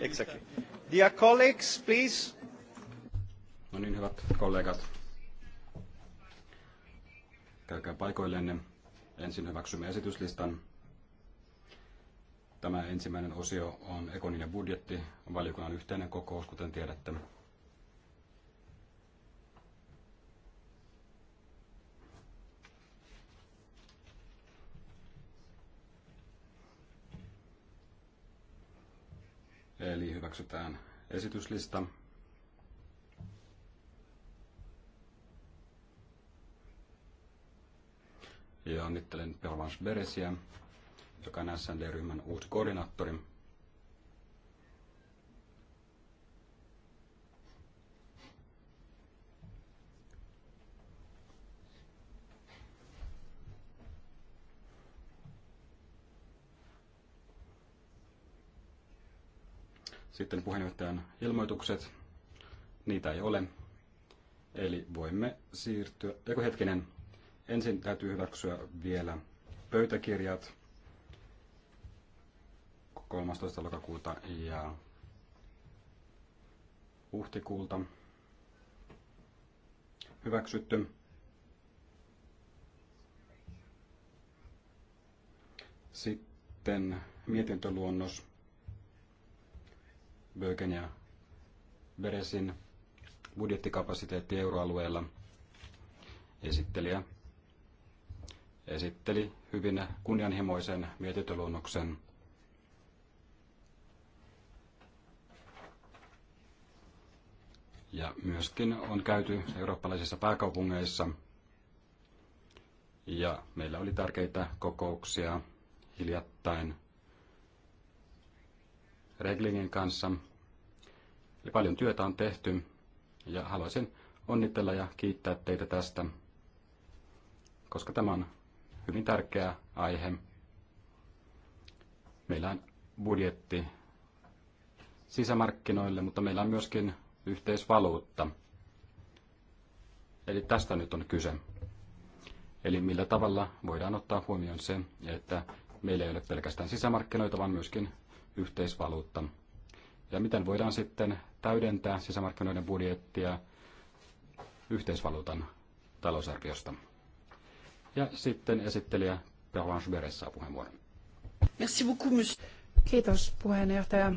Exactly. Dear colleagues, please. No niin, hyvät kollegat. Käykää paikoillenne. Ensin hyväksymme esityslistan. Tämä ensimmäinen osio on ekoninen ja budjetti, valiokunnan yhteinen kokous, kuten tiedätte. hyväksytään esityslista. Ja onnittelen Pervans Beresiä, joka on SND-ryhmän uusi koordinaattori. Sitten puheenjohtajan ilmoitukset. Niitä ei ole. Eli voimme siirtyä. Joku hetkinen. Ensin täytyy hyväksyä vielä pöytäkirjat 13. lokakuuta ja huhtikuulta. Hyväksytty. Sitten mietintöluonnos Bögen ja Beresin budjettikapasiteetti euroalueella. Esittelijä esitteli hyvin kunnianhimoisen mietintöluonnoksen. Ja myöskin on käyty eurooppalaisissa pääkaupungeissa. Ja meillä oli tärkeitä kokouksia hiljattain – Reglingin kanssa. Eli paljon työtä on tehty ja haluaisin onnitella ja kiittää teitä tästä, koska tämä on hyvin tärkeä aihe. Meillä on budjetti sisämarkkinoille, mutta meillä on myöskin yhteisvaluutta. Eli tästä nyt on kyse. Eli millä tavalla voidaan ottaa huomioon se, että meillä ei ole pelkästään sisämarkkinoita, vaan myöskin yhteisvaluutta. Ja miten voidaan sitten täydentää sisämarkkinoiden budjettia yhteisvaluutan talousarviosta. Ja sitten esittelijä Pervanche Beres saa puheenvuoron. Merci beaucoup, monsieur. Kiitos puheenjohtaja.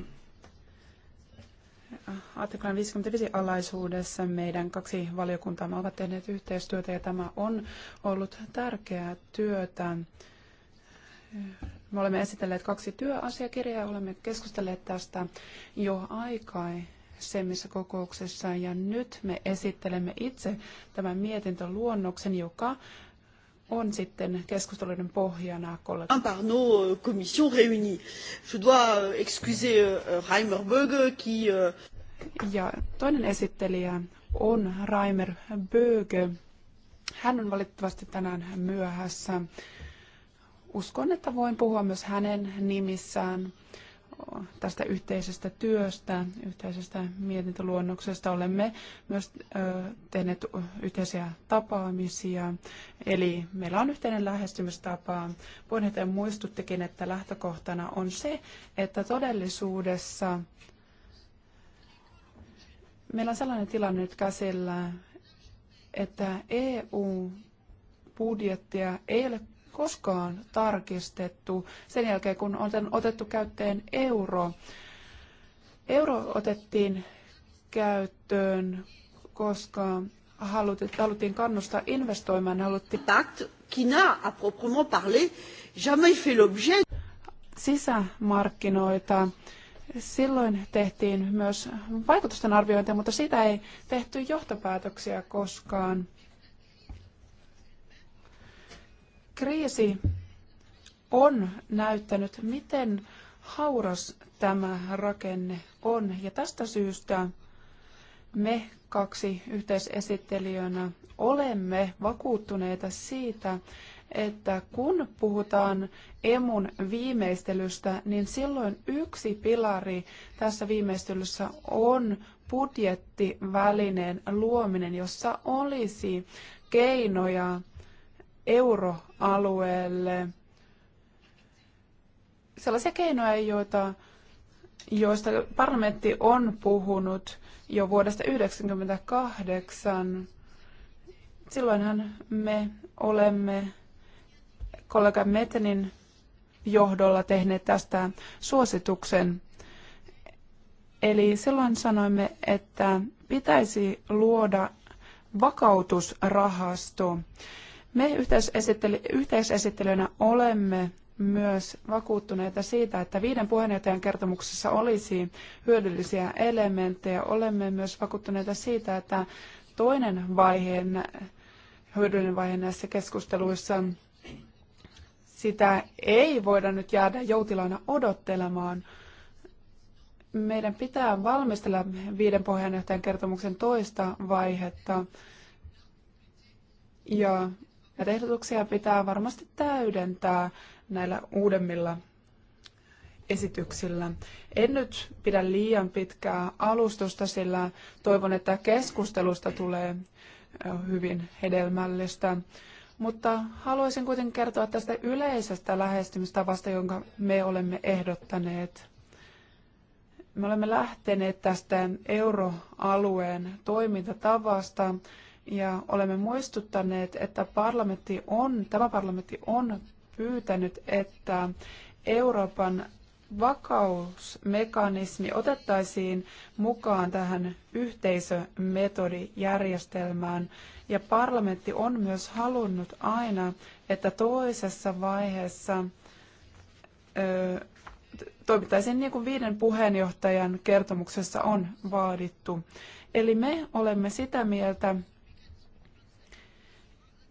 Artiklan 55 alaisuudessa meidän kaksi valiokuntaa ovat tehneet yhteistyötä ja tämä on ollut tärkeää työtä. Me olemme esitelleet kaksi työasiakirjaa ja olemme keskustelleet tästä jo aikaisemmissa kokouksissa. Ja nyt me esittelemme itse tämän mietintöluonnoksen, joka on sitten keskusteluiden pohjana kollega. Par nos euh, commissions réunies. Je dois euh, excuser euh, Reimer Böge, qui... Ja toinen esittelijä on Reimer Böge. Hän on valitettavasti tänään myöhässä uskon, että voin puhua myös hänen nimissään tästä yhteisestä työstä, yhteisestä mietintöluonnoksesta. Olemme myös tehneet yhteisiä tapaamisia, eli meillä on yhteinen lähestymistapa. Puheenjohtaja muistuttikin, että lähtökohtana on se, että todellisuudessa meillä on sellainen tilanne nyt käsillä, että EU-budjettia ei ole koskaan tarkistettu sen jälkeen, kun on otettu käyttöön euro. Euro otettiin käyttöön, koska haluttiin kannustaa investoimaan. Haluttiin... pact, qui n'a à proprement parler jamais fait l'objet. Sisämarkkinoita. Silloin tehtiin myös vaikutusten arviointia, mutta siitä ei tehty johtopäätöksiä koskaan. Kriisi on näyttänyt, miten hauras tämä rakenne on. Ja tästä syystä me kaksi yhteisesittelijöinä olemme vakuuttuneita siitä, että kun puhutaan emun viimeistelystä, niin silloin yksi pilari tässä viimeistelyssä on budjettivälineen luominen, jossa olisi keinoja euroalueelle sellaisia keinoja, joita, joista parlamentti on puhunut jo vuodesta 1998. Silloinhan me olemme kollega Metenin johdolla tehneet tästä suosituksen. Eli silloin sanoimme, että pitäisi luoda vakautusrahasto. Me yhteisesittelyynä olemme myös vakuuttuneita siitä, että viiden puheenjohtajan kertomuksessa olisi hyödyllisiä elementtejä. Olemme myös vakuuttuneita siitä, että toinen vaiheen hyödyllinen vaihe näissä keskusteluissa, sitä ei voida nyt jäädä joutilaana odottelemaan. Meidän pitää valmistella viiden puheenjohtajan kertomuksen toista vaihetta ja Näitä ehdotuksia pitää varmasti täydentää näillä uudemmilla esityksillä. En nyt pidä liian pitkää alustusta, sillä toivon, että keskustelusta tulee hyvin hedelmällistä. Mutta haluaisin kuitenkin kertoa tästä yleisestä lähestymistavasta, jonka me olemme ehdottaneet. Me olemme lähteneet tästä euroalueen toimintatavasta, ja olemme muistuttaneet, että parlamentti on, tämä parlamentti on pyytänyt, että Euroopan vakausmekanismi otettaisiin mukaan tähän yhteisömetodijärjestelmään. Ja parlamentti on myös halunnut aina, että toisessa vaiheessa ö, toimittaisiin niin kuin viiden puheenjohtajan kertomuksessa on vaadittu. Eli me olemme sitä mieltä,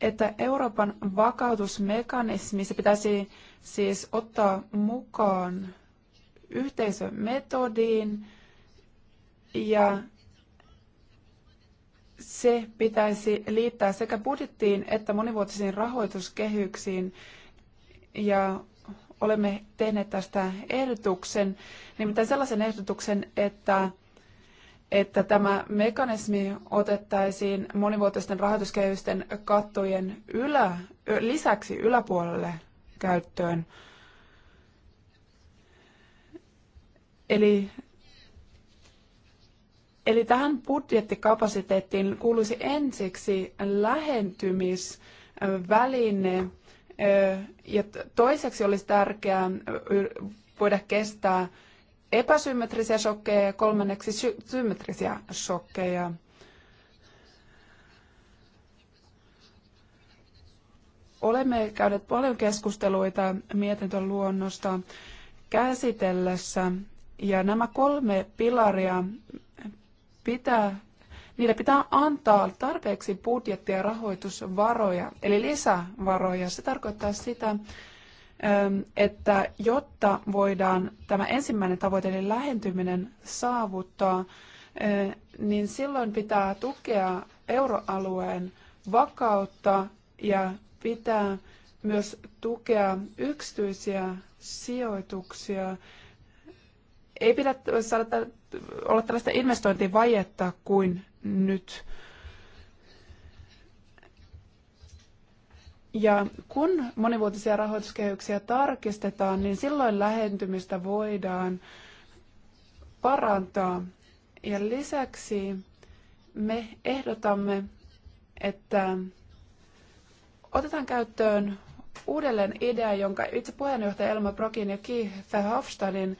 että Euroopan vakautusmekanismi, se pitäisi siis ottaa mukaan yhteisömetodiin ja se pitäisi liittää sekä budjettiin että monivuotisiin rahoituskehyksiin. Ja olemme tehneet tästä ehdotuksen, nimittäin sellaisen ehdotuksen, että että tämä mekanismi otettaisiin monivuotisten rahoituskehysten kattojen ylä, lisäksi yläpuolelle käyttöön. Eli, eli tähän budjettikapasiteettiin kuuluisi ensiksi lähentymisväline, ja toiseksi olisi tärkeää voida kestää epäsymmetrisiä shokkeja ja kolmanneksi sy- symmetrisiä shokkeja. Olemme käyneet paljon keskusteluita mietintön luonnosta käsitellessä ja nämä kolme pilaria pitää, niille pitää antaa tarpeeksi budjettia ja rahoitusvaroja, eli lisävaroja. Se tarkoittaa sitä, että jotta voidaan tämä ensimmäinen tavoite, eli lähentyminen, saavuttaa, niin silloin pitää tukea euroalueen vakautta ja pitää myös tukea yksityisiä sijoituksia. Ei pidä saada, olla tällaista investointivajetta kuin nyt. Ja kun monivuotisia rahoituskehyksiä tarkistetaan, niin silloin lähentymistä voidaan parantaa. Ja lisäksi me ehdotamme, että otetaan käyttöön uudelleen idea, jonka itse puheenjohtaja Elma Brokin ja Keith Verhofstadin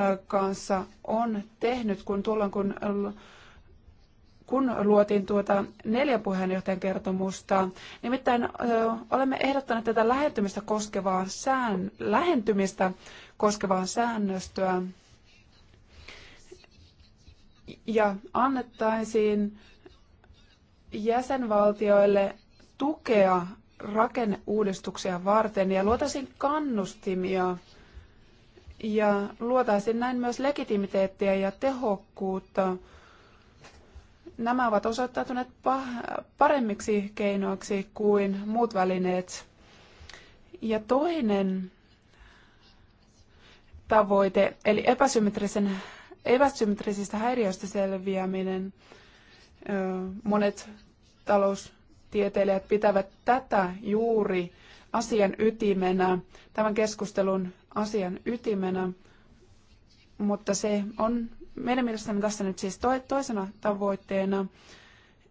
äh, kanssa on tehnyt, kun tuolloin kun kun luotiin tuota neljä puheenjohtajan kertomusta. Nimittäin ö, olemme ehdottaneet tätä lähentymistä koskevaa, sään, lähentymistä koskevaa säännöstöä ja annettaisiin jäsenvaltioille tukea rakenneuudistuksia varten ja luotaisiin kannustimia ja luotaisiin näin myös legitimiteettiä ja tehokkuutta nämä ovat osoittautuneet paremmiksi keinoiksi kuin muut välineet. Ja toinen tavoite, eli epäsymmetrisen, epäsymmetrisistä häiriöistä selviäminen. Monet taloustieteilijät pitävät tätä juuri asian ytimenä, tämän keskustelun asian ytimenä, mutta se on meidän mielestämme tässä nyt siis toisena tavoitteena,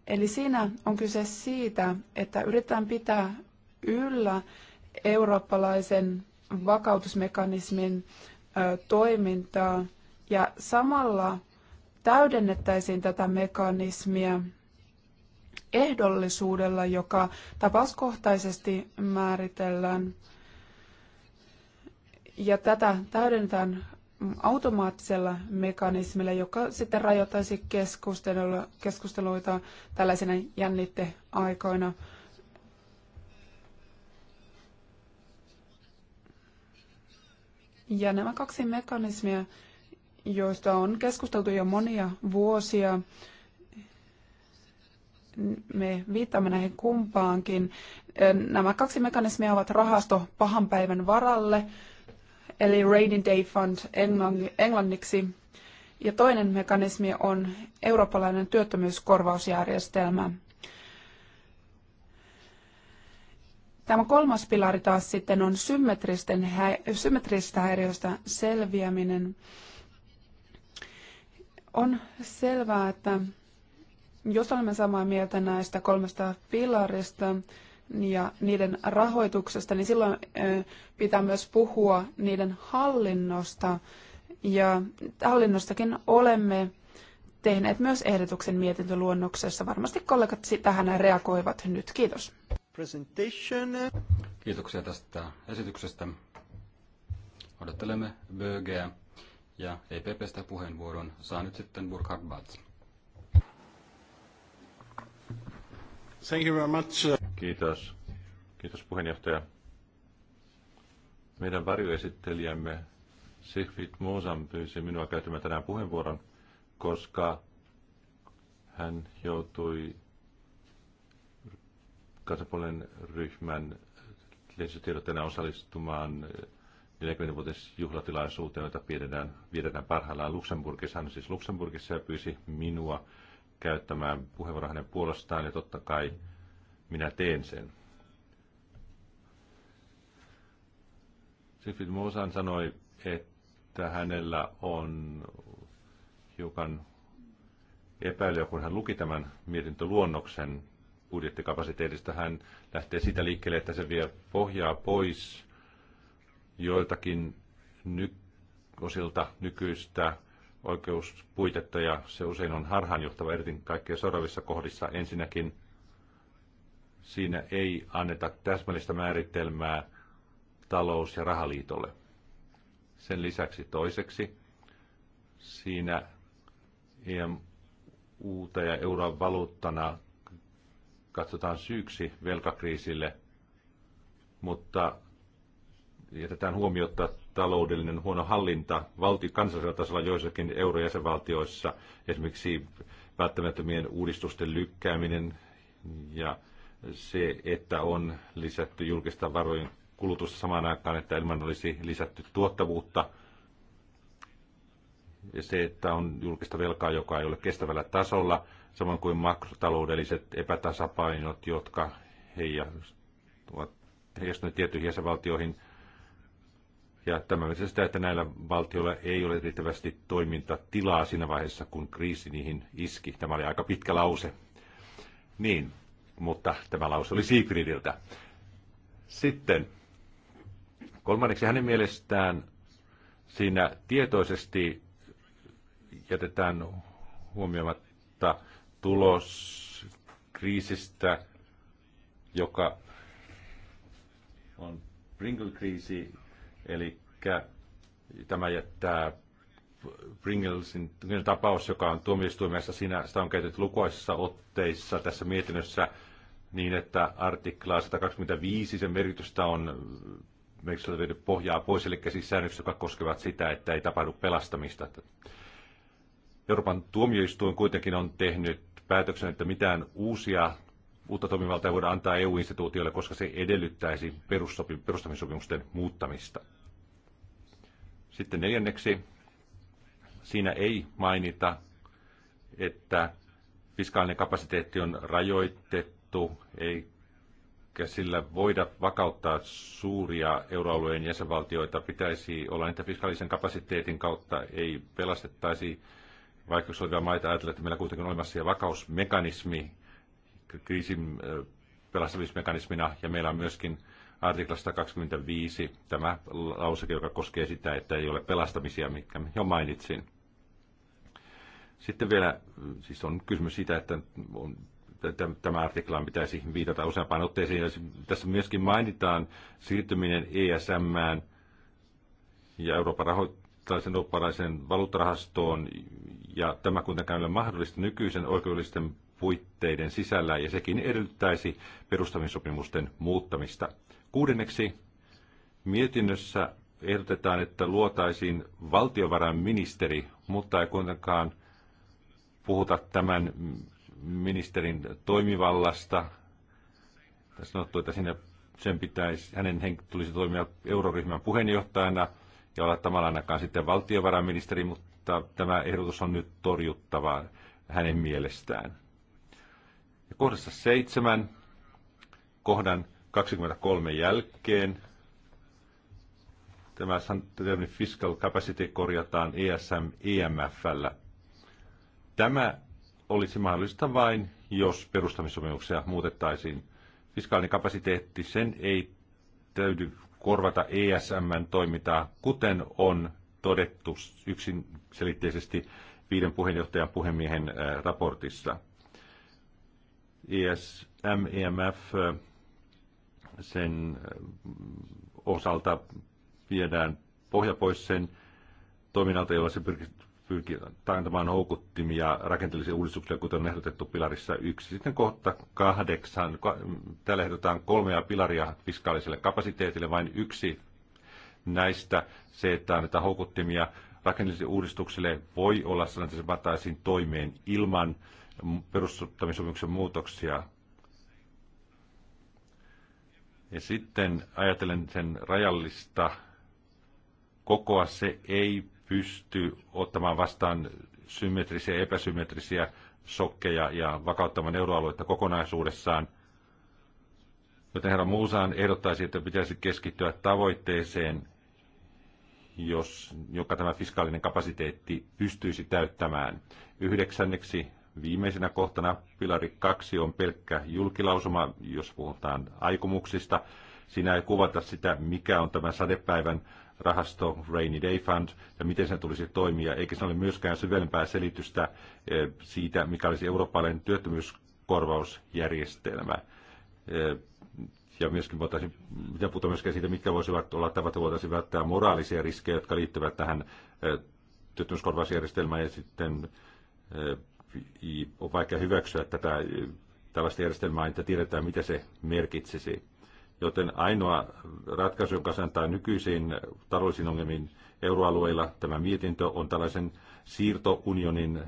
eli siinä on kyse siitä, että yritetään pitää yllä eurooppalaisen vakautusmekanismin toimintaa ja samalla täydennettäisiin tätä mekanismia ehdollisuudella, joka tapauskohtaisesti määritellään. Ja tätä täydennetään automaattisella mekanismilla, joka sitten rajoittaisi keskusteluita tällaisina jännitteaikoina. Ja nämä kaksi mekanismia, joista on keskusteltu jo monia vuosia, me viittaamme näihin kumpaankin. Nämä kaksi mekanismia ovat rahasto pahan päivän varalle – eli Rainy Day Fund englanniksi. Ja toinen mekanismi on eurooppalainen työttömyyskorvausjärjestelmä. Tämä kolmas pilari taas sitten on symmetristen hä- symmetrisistä häiriöistä selviäminen. On selvää, että jos olemme samaa mieltä näistä kolmesta pilarista, ja niiden rahoituksesta, niin silloin pitää myös puhua niiden hallinnosta. Ja hallinnostakin olemme tehneet myös ehdotuksen mietintöluonnoksessa. Varmasti kollegat tähän reagoivat nyt. Kiitos. Kiitoksia tästä esityksestä. Odottelemme Bögeä ja EPPstä puheenvuoron saa nyt sitten Burkhard Thank you very much. Kiitos. Kiitos puheenjohtaja. Meidän varjoesittelijämme Sigfrid Moosan pyysi minua käyttämään tänään puheenvuoron, koska hän joutui kansanpuolen ryhmän lehdistötiedotteena osallistumaan 40-vuotisjuhlatilaisuuteen, jota pidetään, pidetään parhaillaan Luxemburgissa. Hän siis Luxemburgissa ja pyysi minua käyttämään puheenvuoron hänen puolestaan ja totta kai minä teen sen. Sifid Mosan sanoi, että hänellä on hiukan epäilyä, kun hän luki tämän mietintöluonnoksen budjettikapasiteetista. Hän lähtee sitä liikkeelle, että se vie pohjaa pois joiltakin ny- osilta nykyistä oikeuspuitetta, ja se usein on harhaanjohtava erityisesti kaikkein seuraavissa kohdissa. Ensinnäkin siinä ei anneta täsmällistä määritelmää talous- ja rahaliitolle. Sen lisäksi toiseksi siinä EMUta ja euron valuuttana katsotaan syyksi velkakriisille, mutta jätetään huomiota taloudellinen huono hallinta valti, kansallisella tasolla joissakin eurojäsenvaltioissa, esimerkiksi välttämättömien uudistusten lykkääminen ja se, että on lisätty julkista varojen kulutusta samaan aikaan, että ilman olisi lisätty tuottavuutta. Ja se, että on julkista velkaa, joka ei ole kestävällä tasolla, samoin kuin makrotaloudelliset epätasapainot, jotka heijastuvat heijastuneet tiettyihin jäsenvaltioihin. Ja tämä on sitä, että näillä valtioilla ei ole riittävästi toimintatilaa siinä vaiheessa, kun kriisi niihin iski. Tämä oli aika pitkä lause. Niin, mutta tämä lause oli Siegfriediltä. Sitten kolmanneksi hänen mielestään siinä tietoisesti jätetään huomioimatta tulos kriisistä, joka on Pringle-kriisi, eli tämä jättää Pringlesin tapaus, joka on tuomioistuimessa, siinä sitä on käytetty lukuisissa otteissa tässä mietinnössä – niin, että artiklaa 125 sen merkitystä on äh, merkitystä on pohjaa pois, eli siis säännökset, jotka koskevat sitä, että ei tapahdu pelastamista. Euroopan tuomioistuin kuitenkin on tehnyt päätöksen, että mitään uusia uutta toimivaltaa ei voida antaa EU-instituutioille, koska se edellyttäisi perustamissopimusten muuttamista. Sitten neljänneksi, siinä ei mainita, että fiskaalinen kapasiteetti on rajoitettu sanottu, eikä sillä voida vakauttaa suuria euroalueen jäsenvaltioita. Pitäisi olla, että fiskaalisen kapasiteetin kautta ei pelastettaisi vaikka olevia maita ajatella, että meillä kuitenkin on olemassa vakausmekanismi kriisin pelastamismekanismina, ja meillä on myöskin artiklasta 25 tämä lauseke, joka koskee sitä, että ei ole pelastamisia, mitkä jo mainitsin. Sitten vielä, siis on kysymys siitä, että on tämä artikla pitäisi viitata useampaan otteeseen. Tässä myöskin mainitaan siirtyminen ESM ja Euroopan rahoittaisen eurooppalaisen valuuttarahastoon, ja tämä kuitenkaan ei ole mahdollista nykyisen oikeudellisten puitteiden sisällä, ja sekin edellyttäisi perustamissopimusten muuttamista. Kuudenneksi mietinnössä ehdotetaan, että luotaisiin valtiovarainministeri, mutta ei kuitenkaan puhuta tämän ministerin toimivallasta. Tässä sanottu, että sinne sen pitäisi, hänen tulisi toimia euroryhmän puheenjohtajana ja olla tämän ainakaan sitten valtiovarainministeri, mutta tämä ehdotus on nyt torjuttava hänen mielestään. Ja kohdassa seitsemän, kohdan 23 jälkeen, tämä fiscal capacity korjataan ESM EMFllä. Tämä olisi mahdollista vain, jos perustamissopimuksia muutettaisiin. Fiskaalinen kapasiteetti, sen ei täydy korvata ESMn toimintaa, kuten on todettu yksinselitteisesti viiden puheenjohtajan puhemiehen äh, raportissa. ESM, EMF, äh, sen äh, osalta viedään pohja pois sen toiminnalta, jolla se pyrkii taantamaan houkuttimia rakenteellisia uudistuksia, kuten on ehdotettu pilarissa yksi. Sitten kohta kahdeksan. Täällä ehdotetaan kolmea pilaria fiskaaliselle kapasiteetille, vain yksi näistä se, että annetaan houkuttimia rakenteellisille uudistuksille voi olla sellainen, että se toimeen ilman perustuttamissopimuksen muutoksia. Ja sitten ajatellen sen rajallista kokoa, se ei pysty ottamaan vastaan symmetrisiä ja epäsymmetrisiä sokkeja ja vakauttamaan euroaluetta kokonaisuudessaan. Joten herra Muusaan ehdottaisi, että pitäisi keskittyä tavoitteeseen, jos, joka tämä fiskaalinen kapasiteetti pystyisi täyttämään. Yhdeksänneksi viimeisenä kohtana pilari 2 on pelkkä julkilausuma, jos puhutaan aikomuksista. Siinä ei kuvata sitä, mikä on tämän sadepäivän rahasto Rainy Day Fund ja miten sen tulisi toimia, eikä se ole myöskään syvempää selitystä eh, siitä, mikä olisi eurooppalainen työttömyyskorvausjärjestelmä. Eh, ja myöskin voitaisiin, mitä puhutaan myöskin siitä, mitkä voisivat olla tavat, voitaisiin välttää moraalisia riskejä, jotka liittyvät tähän eh, työttömyyskorvausjärjestelmään ja sitten on vaikea hyväksyä tätä tällaista järjestelmää, että tiedetään, mitä se merkitsisi. Joten ainoa ratkaisu, joka antaa nykyisiin taloudellisiin ongelmiin euroalueilla, tämä mietintö on tällaisen siirtounionin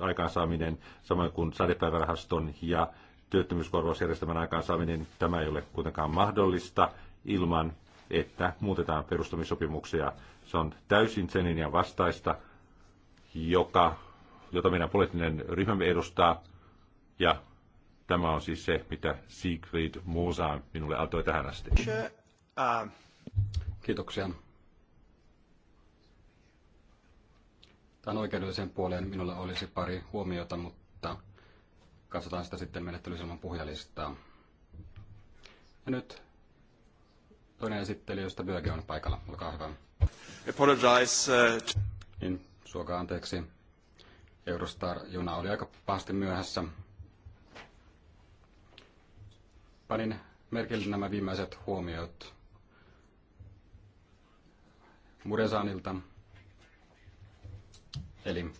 aikaansaaminen, samoin kuin sadepäivärahaston ja työttömyyskorvausjärjestelmän aikaansaaminen. Tämä ei ole kuitenkaan mahdollista ilman, että muutetaan perustamissopimuksia. Se on täysin sen linjan vastaista, joka, jota meidän poliittinen ryhmämme edustaa, ja Tämä on siis se, mitä Siegfried Musa minulle antoi tähän asti. Kiitoksia. Tämän oikeudelliseen puoleen minulla olisi pari huomiota, mutta katsotaan sitä sitten menettelyselman puhujalistaa. Ja nyt toinen esittely, josta Böge on paikalla. Olkaa hyvä. Apologize. Uh, niin, suokaa anteeksi. Eurostar-juna oli aika pahasti myöhässä panin merkille nämä viimeiset huomiot Muresanilta. Eli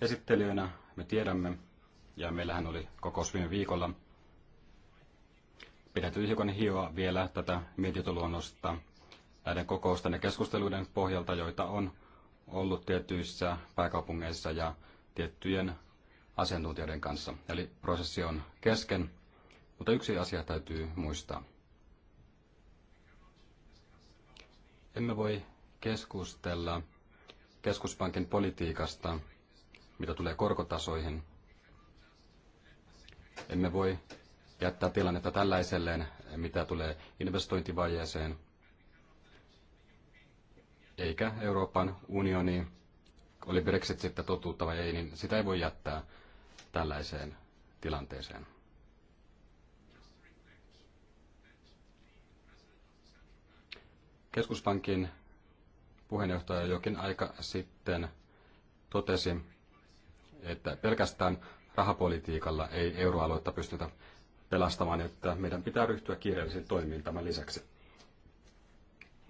esittelijöinä me tiedämme, ja meillähän oli kokous viime viikolla, pidätyy hiukan hioa vielä tätä mietintöluonnosta näiden kokousten ja keskusteluiden pohjalta, joita on ollut tietyissä pääkaupungeissa ja tiettyjen asiantuntijoiden kanssa. Eli prosessi on kesken, mutta yksi asia täytyy muistaa. Emme voi keskustella keskuspankin politiikasta, mitä tulee korkotasoihin. Emme voi jättää tilannetta tällaiselleen, mitä tulee investointivajeeseen, eikä Euroopan unioni, oli Brexit sitten totuutta vai ei, niin sitä ei voi jättää tällaiseen tilanteeseen. Keskuspankin puheenjohtaja jokin aika sitten totesi, että pelkästään rahapolitiikalla ei euroaluetta pystytä pelastamaan, että meidän pitää ryhtyä kiireellisiin toimiin tämän lisäksi.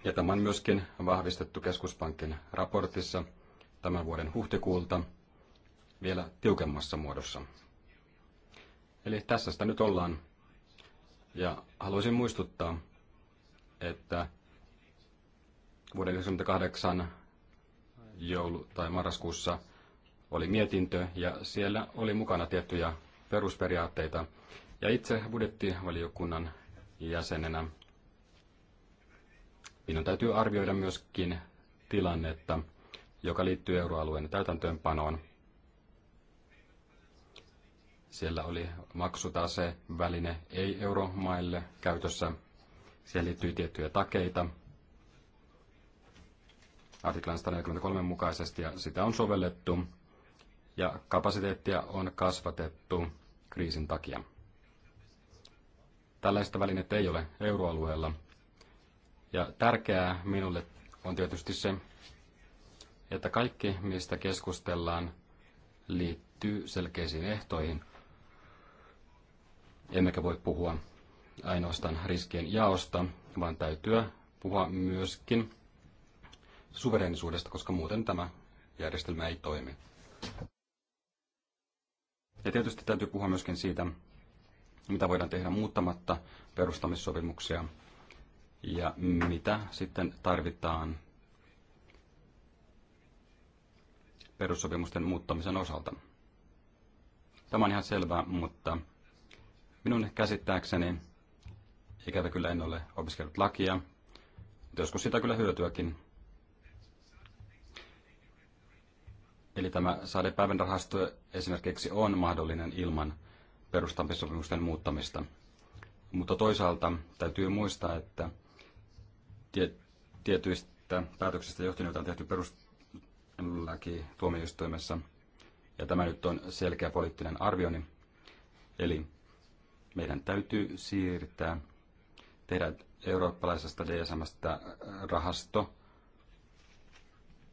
Ja tämä on myöskin vahvistettu keskuspankin raportissa tämän vuoden huhtikuulta – vielä tiukemmassa muodossa. Eli tässä sitä nyt ollaan. Ja haluaisin muistuttaa, että vuoden 1998 joulu- tai marraskuussa oli mietintö ja siellä oli mukana tiettyjä perusperiaatteita. Ja itse budjettivaliokunnan jäsenenä minun täytyy arvioida myöskin tilannetta, joka liittyy euroalueen täytäntöönpanoon – siellä oli maksutase väline ei euromaille käytössä. Siihen liittyy tiettyjä takeita artiklan 143 mukaisesti ja sitä on sovellettu ja kapasiteettia on kasvatettu kriisin takia. Tällaista välineet ei ole euroalueella. Ja tärkeää minulle on tietysti se, että kaikki, mistä keskustellaan, liittyy selkeisiin ehtoihin – Emmekä voi puhua ainoastaan riskien jaosta, vaan täytyy puhua myöskin suverenisuudesta, koska muuten tämä järjestelmä ei toimi. Ja tietysti täytyy puhua myöskin siitä, mitä voidaan tehdä muuttamatta perustamissopimuksia ja mitä sitten tarvitaan perussopimusten muuttamisen osalta. Tämä on ihan selvää, mutta Minun käsittääkseni, ikävä kyllä en ole opiskellut lakia, mutta joskus sitä kyllä hyötyäkin. Eli tämä sadepäivän rahasto esimerkiksi on mahdollinen ilman perustamissopimusten muuttamista. Mutta toisaalta täytyy muistaa, että tie, tietyistä päätöksistä johtuen, joita on tehty perustuslaki tuomioistuimessa, ja tämä nyt on selkeä poliittinen arvioni, eli meidän täytyy siirtää, tehdä eurooppalaisesta DSMstä rahasto,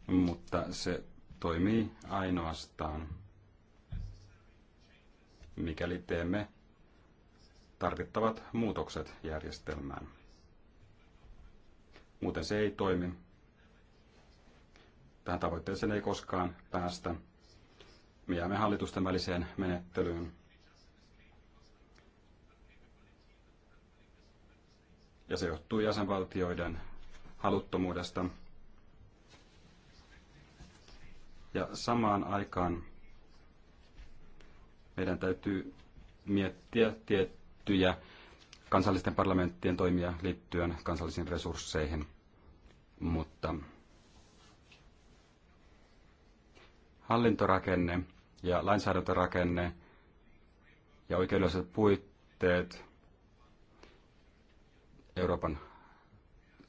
mutta se toimii ainoastaan, mikäli teemme tarvittavat muutokset järjestelmään. Muuten se ei toimi. Tähän tavoitteeseen ei koskaan päästä. Me jäämme hallitusten väliseen menettelyyn. ja se johtuu jäsenvaltioiden haluttomuudesta. Ja samaan aikaan meidän täytyy miettiä tiettyjä kansallisten parlamenttien toimia liittyen kansallisiin resursseihin, mutta hallintorakenne ja lainsäädäntörakenne ja oikeudelliset puitteet – Euroopan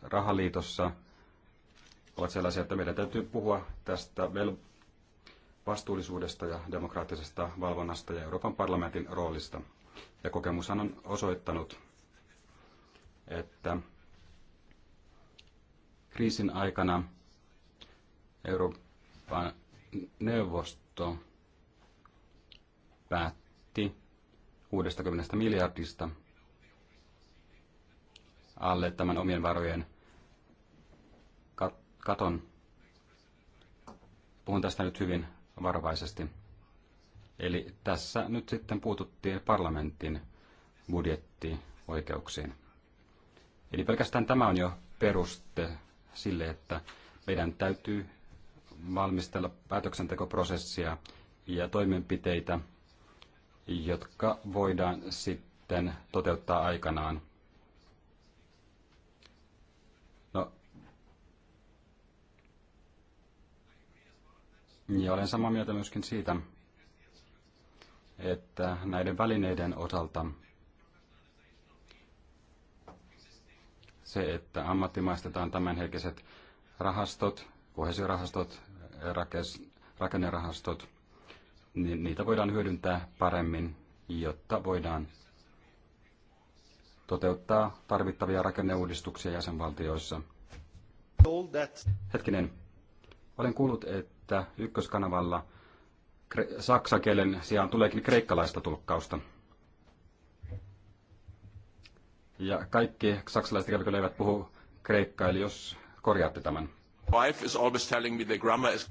rahaliitossa ovat sellaisia, että meidän täytyy puhua tästä vel- vastuullisuudesta ja demokraattisesta valvonnasta ja Euroopan parlamentin roolista. Ja kokemushan on osoittanut, että kriisin aikana Euroopan neuvosto päätti 60 miljardista alle tämän omien varojen katon. Puhun tästä nyt hyvin varovaisesti. Eli tässä nyt sitten puututtiin parlamentin budjettioikeuksiin. Eli pelkästään tämä on jo peruste sille, että meidän täytyy valmistella päätöksentekoprosessia ja toimenpiteitä, jotka voidaan sitten toteuttaa aikanaan Ja olen samaa mieltä myöskin siitä, että näiden välineiden osalta se, että ammattimaistetaan tämänhetkiset rahastot, kohesiorahastot, rakennerahastot, niin niitä voidaan hyödyntää paremmin, jotta voidaan toteuttaa tarvittavia rakenneuudistuksia jäsenvaltioissa. Hetkinen, olen kuullut, että ykköskanavalla saksakielen sijaan tuleekin kreikkalaista tulkkausta. Ja kaikki saksalaiset käviköllä eivät puhu kreikkaa, eli jos korjaatte tämän. Wife is always telling me the grammar is...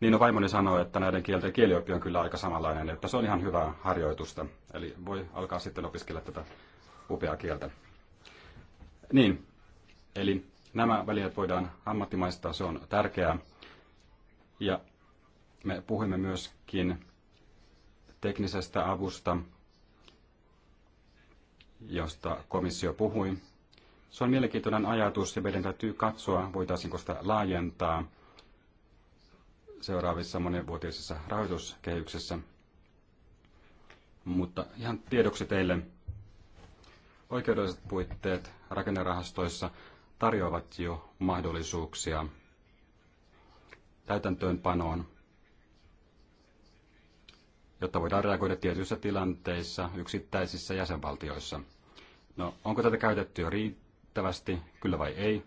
Niin no vaimoni sanoo, että näiden kielten kielioppi on kyllä aika samanlainen, että se on ihan hyvää harjoitusta. Eli voi alkaa sitten opiskella tätä upeaa kieltä. Niin, eli Nämä välineet voidaan ammattimaistaa, se on tärkeää. Ja me puhuimme myöskin teknisestä avusta, josta komissio puhui. Se on mielenkiintoinen ajatus ja meidän täytyy katsoa, voitaisiinko sitä laajentaa seuraavissa monenvuotisissa rahoituskehyksissä. Mutta ihan tiedoksi teille, oikeudelliset puitteet rakennerahastoissa tarjoavat jo mahdollisuuksia täytäntöönpanoon, jotta voidaan reagoida tietyissä tilanteissa yksittäisissä jäsenvaltioissa. No, onko tätä käytetty jo riittävästi, kyllä vai ei?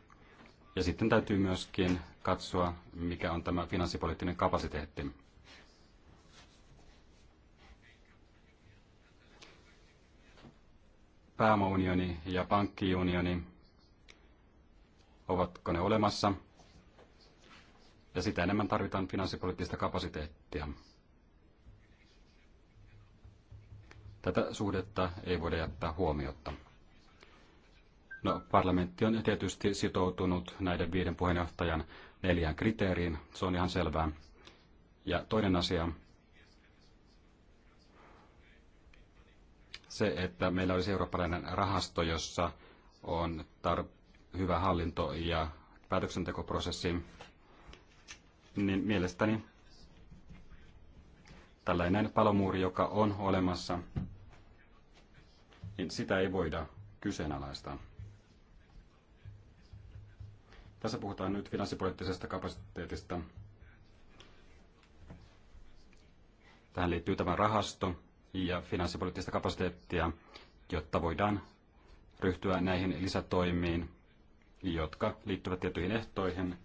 Ja sitten täytyy myöskin katsoa, mikä on tämä finanssipoliittinen kapasiteetti. Pääomaunioni ja pankkiunioni ovatko ne olemassa, ja sitä enemmän tarvitaan finanssipoliittista kapasiteettia. Tätä suhdetta ei voida jättää huomiotta. No, parlamentti on tietysti sitoutunut näiden viiden puheenjohtajan neljään kriteeriin, se on ihan selvää. Ja toinen asia, se, että meillä olisi eurooppalainen rahasto, jossa on tarpeen hyvä hallinto ja päätöksentekoprosessi, niin mielestäni tällainen palomuuri, joka on olemassa, niin sitä ei voida kyseenalaistaa. Tässä puhutaan nyt finanssipoliittisesta kapasiteetista. Tähän liittyy tämä rahasto ja finanssipoliittista kapasiteettia, jotta voidaan ryhtyä näihin lisätoimiin jotka liittyvät tiettyihin ehtoihin,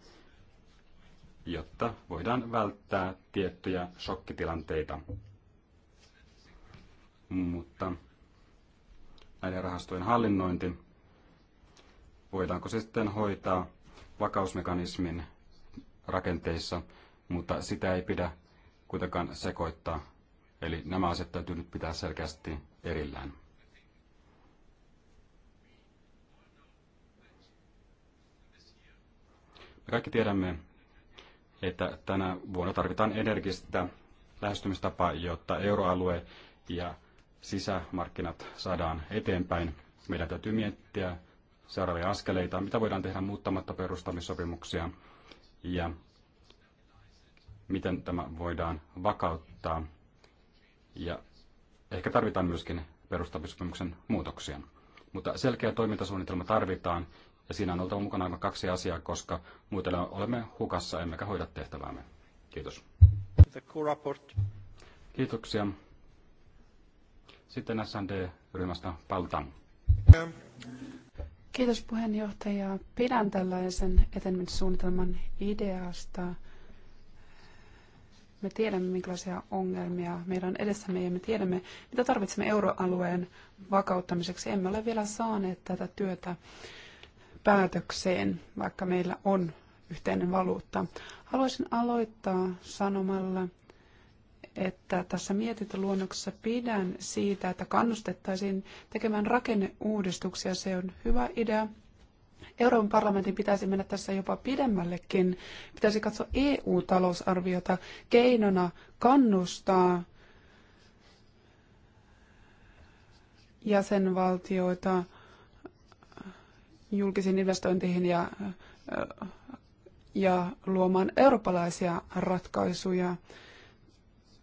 jotta voidaan välttää tiettyjä shokkitilanteita. Mutta näiden rahastojen hallinnointi, voidaanko se sitten hoitaa vakausmekanismin rakenteissa, mutta sitä ei pidä kuitenkaan sekoittaa. Eli nämä asiat täytyy nyt pitää selkeästi erillään. Me kaikki tiedämme, että tänä vuonna tarvitaan energistä lähestymistapaa, jotta euroalue ja sisämarkkinat saadaan eteenpäin. Meidän täytyy miettiä seuraavia askeleita, mitä voidaan tehdä muuttamatta perustamissopimuksia ja miten tämä voidaan vakauttaa. Ja ehkä tarvitaan myöskin perustamissopimuksen muutoksia. Mutta selkeä toimintasuunnitelma tarvitaan ja siinä on oltava mukana aivan kaksi asiaa, koska muuten olemme hukassa emmekä hoida tehtäväämme. Kiitos. Kiitoksia. Sitten SND-ryhmästä Paltan. Kiitos puheenjohtaja. Pidän tällaisen etenemissuunnitelman ideasta. Me tiedämme, minkälaisia ongelmia meillä on edessämme ja me tiedämme, mitä tarvitsemme euroalueen vakauttamiseksi. Emme ole vielä saaneet tätä työtä päätökseen, vaikka meillä on yhteinen valuutta. Haluaisin aloittaa sanomalla, että tässä mietintöluonnoksessa pidän siitä, että kannustettaisiin tekemään rakenneuudistuksia. Se on hyvä idea. Euroopan parlamentin pitäisi mennä tässä jopa pidemmällekin. Pitäisi katsoa EU-talousarviota keinona kannustaa jäsenvaltioita julkisiin investointeihin ja, ja luomaan eurooppalaisia ratkaisuja.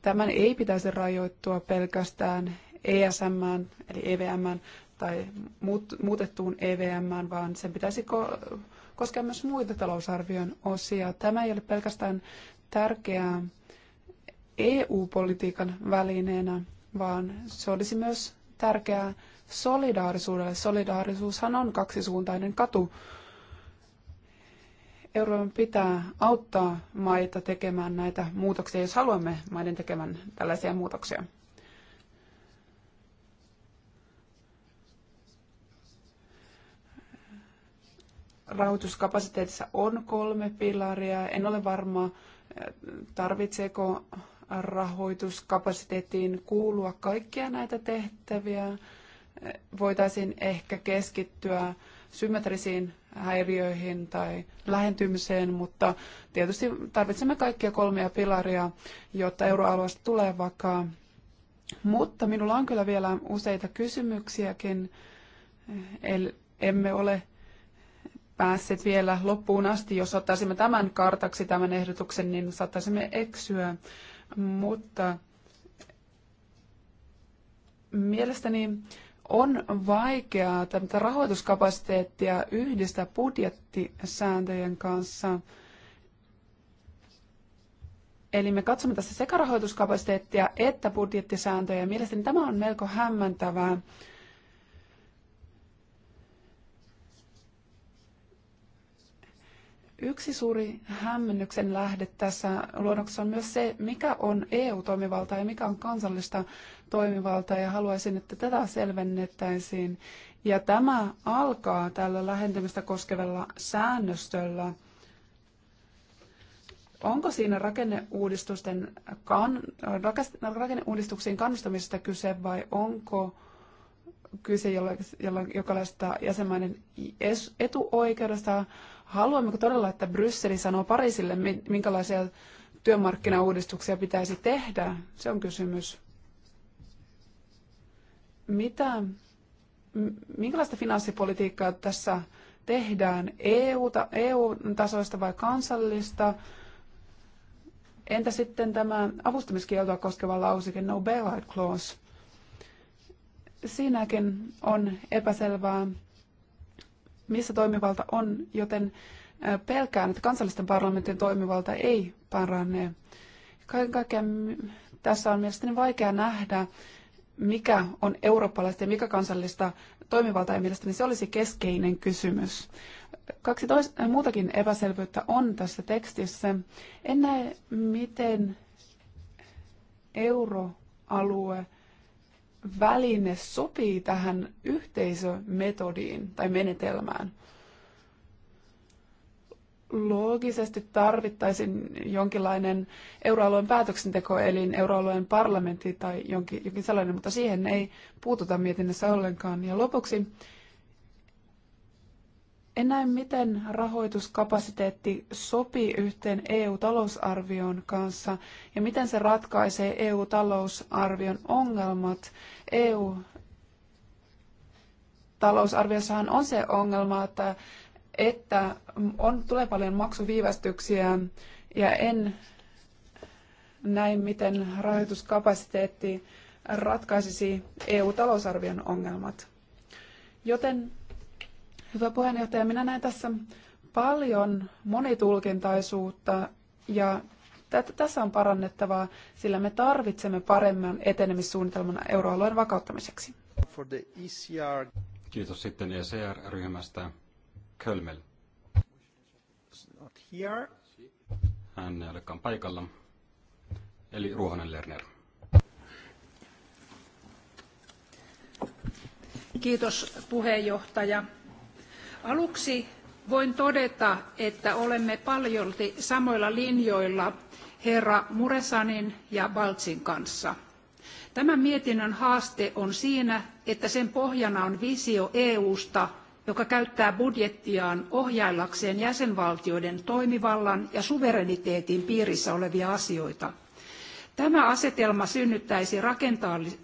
Tämän ei pitäisi rajoittua pelkästään ESM, eli EVM, tai muutettuun EVM, vaan sen pitäisi ko- koskea myös muita talousarvion osia. Tämä ei ole pelkästään tärkeää EU-politiikan välineenä, vaan se olisi myös tärkeää solidaarisuudelle. Solidaarisuushan on kaksisuuntainen katu. Euroopan pitää auttaa maita tekemään näitä muutoksia, jos haluamme maiden tekemään tällaisia muutoksia. Rahoituskapasiteetissa on kolme pilaria. En ole varma, tarvitseeko rahoituskapasiteettiin kuulua kaikkia näitä tehtäviä voitaisiin ehkä keskittyä symmetrisiin häiriöihin tai lähentymiseen, mutta tietysti tarvitsemme kaikkia kolmea pilaria, jotta euroalueesta tulee vakaa. Mutta minulla on kyllä vielä useita kysymyksiäkin. Eli emme ole päässeet vielä loppuun asti. Jos ottaisimme tämän kartaksi, tämän ehdotuksen, niin saattaisimme eksyä. Mutta mielestäni on vaikeaa tätä rahoituskapasiteettia yhdistää budjettisääntöjen kanssa. Eli me katsomme tässä sekä rahoituskapasiteettia että budjettisääntöjä. Mielestäni tämä on melko hämmentävää. Yksi suuri hämmennyksen lähde tässä luonnoksessa on myös se, mikä on eu toimivalta ja mikä on kansallista toimivaltaa, ja haluaisin, että tätä selvennettäisiin. Ja tämä alkaa tällä lähentymistä koskevalla säännöstöllä. Onko siinä rakenneuudistusten kan, rakenneuudistuksiin kannustamisesta kyse vai onko kyse jollain, jollain, joka jäsenmaiden etuoikeudesta Haluammeko todella, että Brysseli sanoo Pariisille, minkälaisia työmarkkinauudistuksia pitäisi tehdä? Se on kysymys. Mitä, minkälaista finanssipolitiikkaa tässä tehdään? EU-tasoista e vai kansallista? Entä sitten tämä avustamiskieltoa koskeva lausike, no bailout clause? Siinäkin on epäselvää missä toimivalta on, joten pelkään, että kansallisten parlamentin toimivalta ei parane. Kaiken kaikkiaan tässä on mielestäni vaikea nähdä, mikä on eurooppalaista ja mikä kansallista toimivaltaa, ja mielestäni se olisi keskeinen kysymys. Kaksi toista, muutakin epäselvyyttä on tässä tekstissä. En näe, miten euroalue väline sopii tähän yhteisömetodiin tai menetelmään. Loogisesti tarvittaisiin jonkinlainen euroalueen päätöksentekoelin, euroalueen parlamentti tai jonkin, jonkin sellainen, mutta siihen ei puututa mietinnössä ollenkaan. Ja lopuksi en näe, miten rahoituskapasiteetti sopii yhteen EU-talousarvion kanssa ja miten se ratkaisee EU-talousarvion ongelmat. EU-talousarviossahan on se ongelma, että, että on, tulee paljon maksuviivästyksiä ja en näin, miten rahoituskapasiteetti ratkaisisi EU-talousarvion ongelmat. Joten Hyvä puheenjohtaja, minä näen tässä paljon monitulkintaisuutta ja tässä on parannettavaa, sillä me tarvitsemme paremman etenemissuunnitelman euroalueen vakauttamiseksi. E Kiitos sitten ECR-ryhmästä. Kölmel. Hän ei olekaan paikalla. Eli Ruohonen Lerner. Kiitos puheenjohtaja Aluksi voin todeta, että olemme paljolti samoilla linjoilla herra Muresanin ja Baltsin kanssa. Tämän mietinnön haaste on siinä, että sen pohjana on visio EUsta, joka käyttää budjettiaan ohjaillakseen jäsenvaltioiden toimivallan ja suvereniteetin piirissä olevia asioita. Tämä asetelma synnyttäisi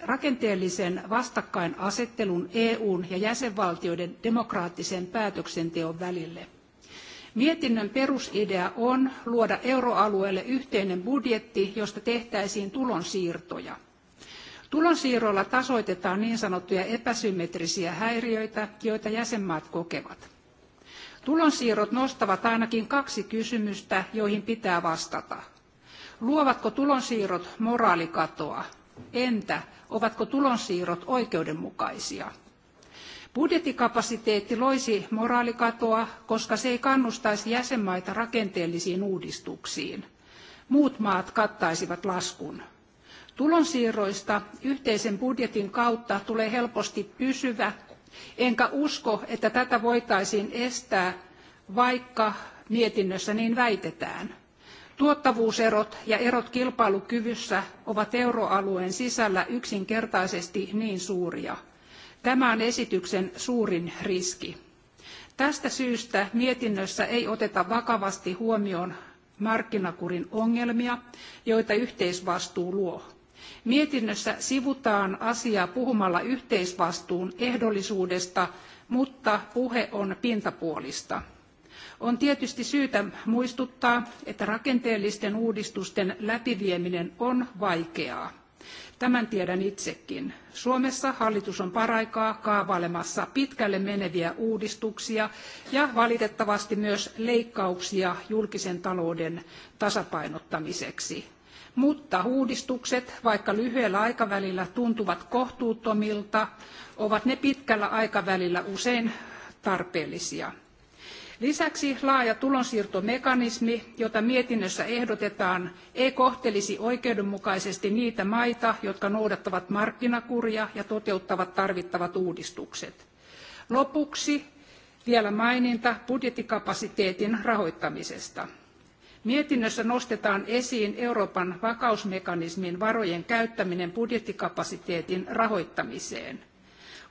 rakenteellisen vastakkainasettelun EUn ja jäsenvaltioiden demokraattisen päätöksenteon välille. Mietinnön perusidea on luoda euroalueelle yhteinen budjetti, josta tehtäisiin tulonsiirtoja. Tulonsiirroilla tasoitetaan niin sanottuja epäsymmetrisiä häiriöitä, joita jäsenmaat kokevat. Tulonsiirrot nostavat ainakin kaksi kysymystä, joihin pitää vastata. Luovatko tulonsiirrot moraalikatoa? Entä ovatko tulonsiirrot oikeudenmukaisia? Budjettikapasiteetti loisi moraalikatoa, koska se ei kannustaisi jäsenmaita rakenteellisiin uudistuksiin. Muut maat kattaisivat laskun. Tulonsiirroista yhteisen budjetin kautta tulee helposti pysyvä, enkä usko, että tätä voitaisiin estää, vaikka mietinnössä niin väitetään. Tuottavuuserot ja erot kilpailukyvyssä ovat euroalueen sisällä yksinkertaisesti niin suuria. Tämä on esityksen suurin riski. Tästä syystä mietinnössä ei oteta vakavasti huomioon markkinakurin ongelmia, joita yhteisvastuu luo. Mietinnössä sivutaan asiaa puhumalla yhteisvastuun ehdollisuudesta, mutta puhe on pintapuolista. On tietysti syytä muistuttaa, että rakenteellisten uudistusten läpivieminen on vaikeaa. Tämän tiedän itsekin. Suomessa hallitus on paraikaa kaavailemassa pitkälle meneviä uudistuksia ja valitettavasti myös leikkauksia julkisen talouden tasapainottamiseksi. Mutta uudistukset, vaikka lyhyellä aikavälillä tuntuvat kohtuuttomilta, ovat ne pitkällä aikavälillä usein tarpeellisia. Lisäksi laaja tulonsiirtomekanismi, jota mietinnössä ehdotetaan, ei kohtelisi oikeudenmukaisesti niitä maita, jotka noudattavat markkinakuria ja toteuttavat tarvittavat uudistukset. Lopuksi vielä maininta budjettikapasiteetin rahoittamisesta. Mietinnössä nostetaan esiin Euroopan vakausmekanismin varojen käyttäminen budjettikapasiteetin rahoittamiseen –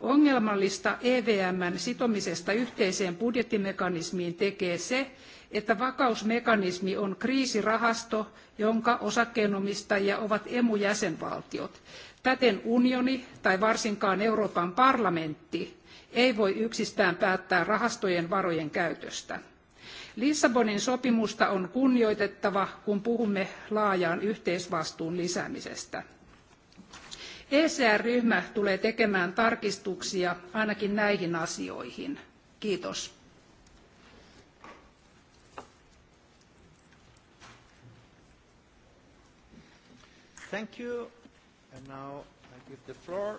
Ongelmallista EVMn sitomisesta yhteiseen budjettimekanismiin tekee se, että vakausmekanismi on kriisirahasto, jonka osakkeenomistajia ovat emu-jäsenvaltiot. Täten unioni tai varsinkaan Euroopan parlamentti ei voi yksistään päättää rahastojen varojen käytöstä. Lissabonin sopimusta on kunnioitettava, kun puhumme laajan yhteisvastuun lisäämisestä. ECR-ryhmä tulee tekemään tarkistuksia ainakin näihin asioihin. Kiitos. Thank you. And now I give the floor.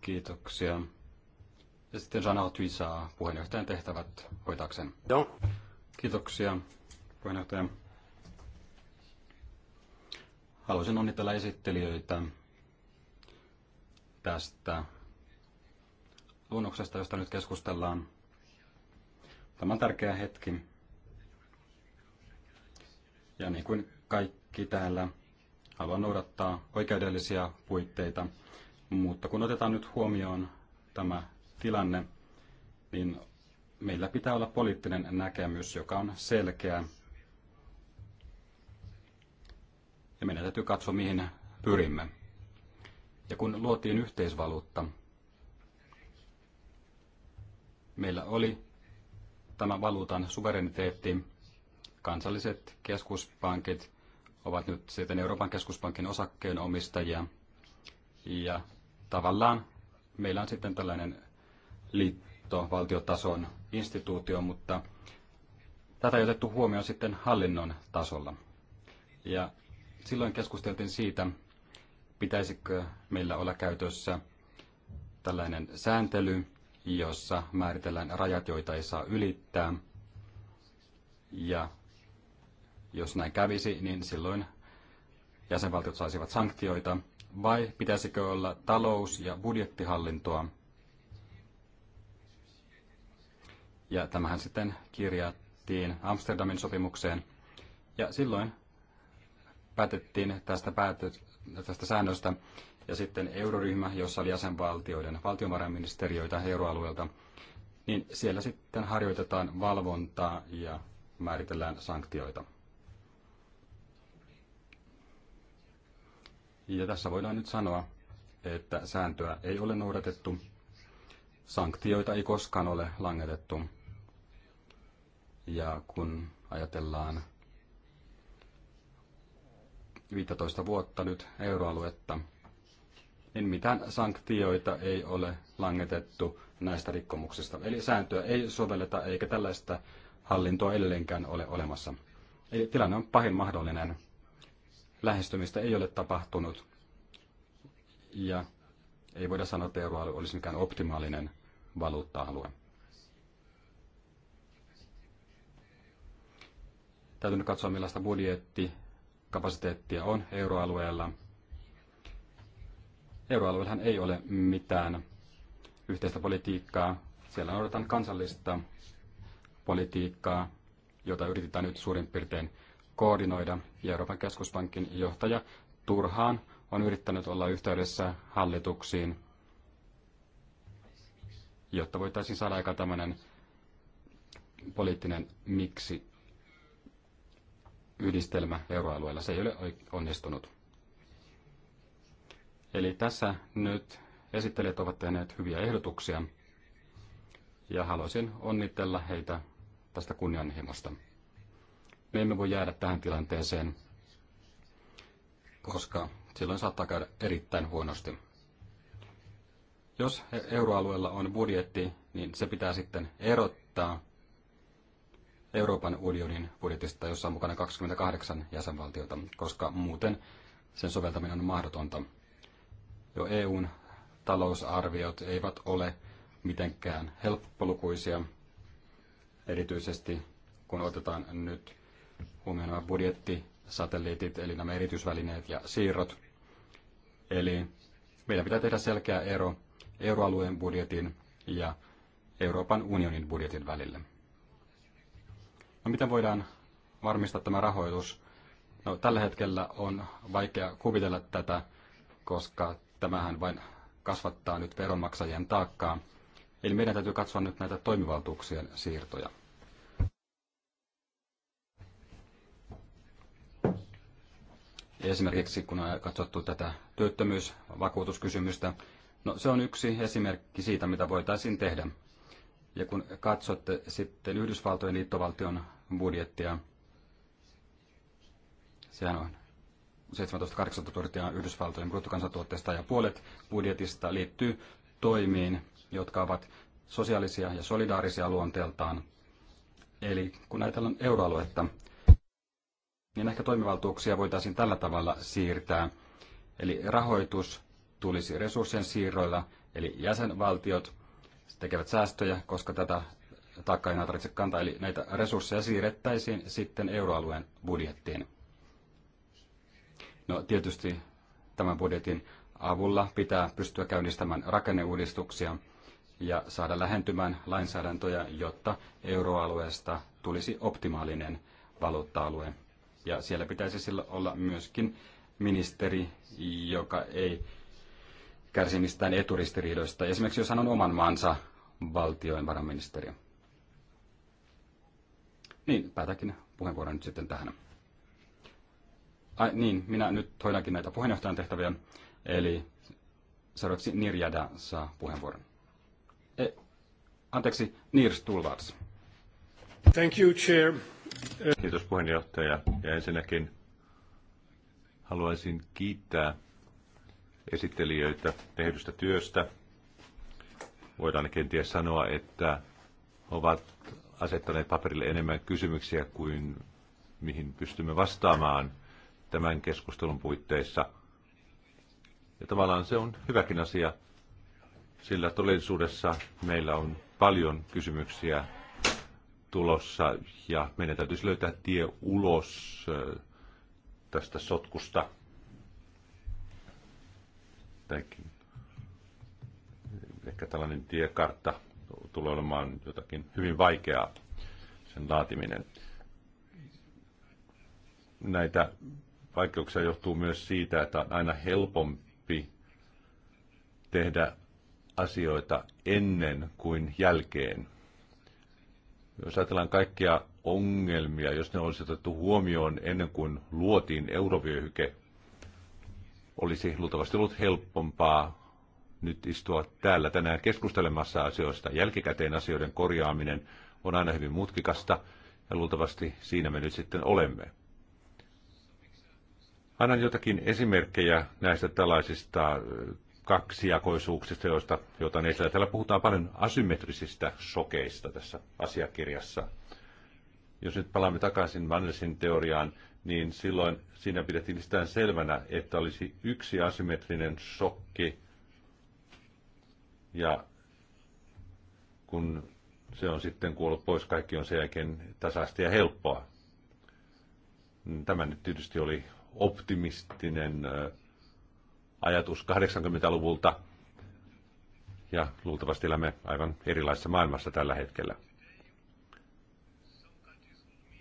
Kiitoksia. Ja sitten Jean Arthuis saa puheenjohtajan tehtävät hoitakseen. Joo. Kiitoksia, puheenjohtaja. Haluaisin onnitella esittelijöitä tästä luonnoksesta, josta nyt keskustellaan. Tämä on tärkeä hetki. Ja niin kuin kaikki täällä, haluan noudattaa oikeudellisia puitteita. Mutta kun otetaan nyt huomioon tämä tilanne, niin meillä pitää olla poliittinen näkemys, joka on selkeä. Ja meidän täytyy katsoa, mihin pyrimme. Ja kun luotiin yhteisvaluutta, meillä oli tämä valuutan suvereniteetti. Kansalliset keskuspankit ovat nyt sitten Euroopan keskuspankin osakkeen omistajia. Ja tavallaan meillä on sitten tällainen valtiotason instituutio, mutta tätä ei otettu huomioon sitten hallinnon tasolla. Ja silloin keskusteltiin siitä, pitäisikö meillä olla käytössä tällainen sääntely, jossa määritellään rajat, joita ei saa ylittää. Ja jos näin kävisi, niin silloin jäsenvaltiot saisivat sanktioita, vai pitäisikö olla talous- ja budjettihallintoa? Ja tämähän sitten kirjattiin Amsterdamin sopimukseen, ja silloin päätettiin tästä päätöstä tästä säännöstä. Ja sitten euroryhmä, jossa oli jäsenvaltioiden valtiovarainministeriöitä euroalueelta, niin siellä sitten harjoitetaan valvontaa ja määritellään sanktioita. Ja tässä voidaan nyt sanoa, että sääntöä ei ole noudatettu, sanktioita ei koskaan ole langetettu. Ja kun ajatellaan 15 vuotta nyt euroaluetta, niin mitään sanktioita ei ole langetettu näistä rikkomuksista. Eli sääntöä ei sovelleta eikä tällaista hallintoa edelleenkään ole olemassa. Eli tilanne on pahin mahdollinen. Lähestymistä ei ole tapahtunut ja ei voida sanoa, että euroalue olisi mikään optimaalinen valuutta-alue. Täytyy nyt katsoa, millaista budjetti kapasiteettia on euroalueella. Euroalueellahan ei ole mitään yhteistä politiikkaa. Siellä noudatetaan kansallista politiikkaa, jota yritetään nyt suurin piirtein koordinoida. Ja Euroopan keskuspankin johtaja turhaan on yrittänyt olla yhteydessä hallituksiin, jotta voitaisiin saada aika tämmöinen poliittinen miksi yhdistelmä euroalueella. Se ei ole onnistunut. Eli tässä nyt esittelijät ovat tehneet hyviä ehdotuksia ja haluaisin onnitella heitä tästä kunnianhimosta. Me emme voi jäädä tähän tilanteeseen, koska silloin saattaa käydä erittäin huonosti. Jos euroalueella on budjetti, niin se pitää sitten erottaa Euroopan unionin budjetista, jossa on mukana 28 jäsenvaltiota, koska muuten sen soveltaminen on mahdotonta. Jo EUn talousarviot eivät ole mitenkään helppolukuisia, erityisesti kun otetaan nyt huomioon nämä budjettisatelliitit, eli nämä erityisvälineet ja siirrot. Eli meidän pitää tehdä selkeä ero euroalueen budjetin ja Euroopan unionin budjetin välille. No miten voidaan varmistaa tämä rahoitus? No, tällä hetkellä on vaikea kuvitella tätä, koska tämähän vain kasvattaa nyt veronmaksajien taakkaa. Eli meidän täytyy katsoa nyt näitä toimivaltuuksien siirtoja. Esimerkiksi kun on katsottu tätä työttömyysvakuutuskysymystä, no se on yksi esimerkki siitä, mitä voitaisiin tehdä. Ja kun katsotte sitten Yhdysvaltojen liittovaltion budjettia. Sehän on 17-18 prosenttia Yhdysvaltojen bruttokansantuotteesta ja puolet budjetista liittyy toimiin, jotka ovat sosiaalisia ja solidaarisia luonteeltaan. Eli kun ajatellaan euroaluetta, niin ehkä toimivaltuuksia voitaisiin tällä tavalla siirtää. Eli rahoitus tulisi resurssien siirroilla, eli jäsenvaltiot tekevät säästöjä, koska tätä taakkaa enää tarvitse kantaa, eli näitä resursseja siirrettäisiin sitten euroalueen budjettiin. No tietysti tämän budjetin avulla pitää pystyä käynnistämään rakenneuudistuksia ja saada lähentymään lainsäädäntöjä, jotta euroalueesta tulisi optimaalinen valuutta-alue. Ja siellä pitäisi sillä olla myöskin ministeri, joka ei kärsi mistään eturistiriidoista. Esimerkiksi jos hän on oman maansa varaministeriö. Niin, päätäkin puheenvuoron nyt sitten tähän. Ai, niin, minä nyt hoidankin näitä puheenjohtajan tehtäviä, eli seuraavaksi Nirjada saa puheenvuoron. E, anteeksi, Nirs Tulvars. Thank you, Chair. Kiitos puheenjohtaja. Ja ensinnäkin haluaisin kiittää esittelijöitä tehdystä työstä. Voidaan kenties sanoa, että ovat asettaneet paperille enemmän kysymyksiä kuin mihin pystymme vastaamaan tämän keskustelun puitteissa. Ja tavallaan se on hyväkin asia, sillä todellisuudessa meillä on paljon kysymyksiä tulossa ja meidän täytyisi löytää tie ulos tästä sotkusta. Ehkä tällainen tiekartta tulee olemaan jotakin hyvin vaikeaa sen laatiminen. Näitä vaikeuksia johtuu myös siitä, että on aina helpompi tehdä asioita ennen kuin jälkeen. Jos ajatellaan kaikkia ongelmia, jos ne olisi otettu huomioon ennen kuin luotiin eurovyöhyke, olisi luultavasti ollut helpompaa nyt istua täällä tänään keskustelemassa asioista. Jälkikäteen asioiden korjaaminen on aina hyvin mutkikasta ja luultavasti siinä me nyt sitten olemme. Annan jotakin esimerkkejä näistä tällaisista äh, kaksijakoisuuksista, joista, joita on esillä. Täällä puhutaan paljon asymmetrisistä sokeista tässä asiakirjassa. Jos nyt palaamme takaisin Mandelsin teoriaan, niin silloin siinä pidettiin sitä selvänä, että olisi yksi asymmetrinen shokki ja kun se on sitten kuollut pois, kaikki on sen jälkeen tasaista ja helppoa. Tämä nyt tietysti oli optimistinen ajatus 80-luvulta, ja luultavasti elämme aivan erilaisessa maailmassa tällä hetkellä.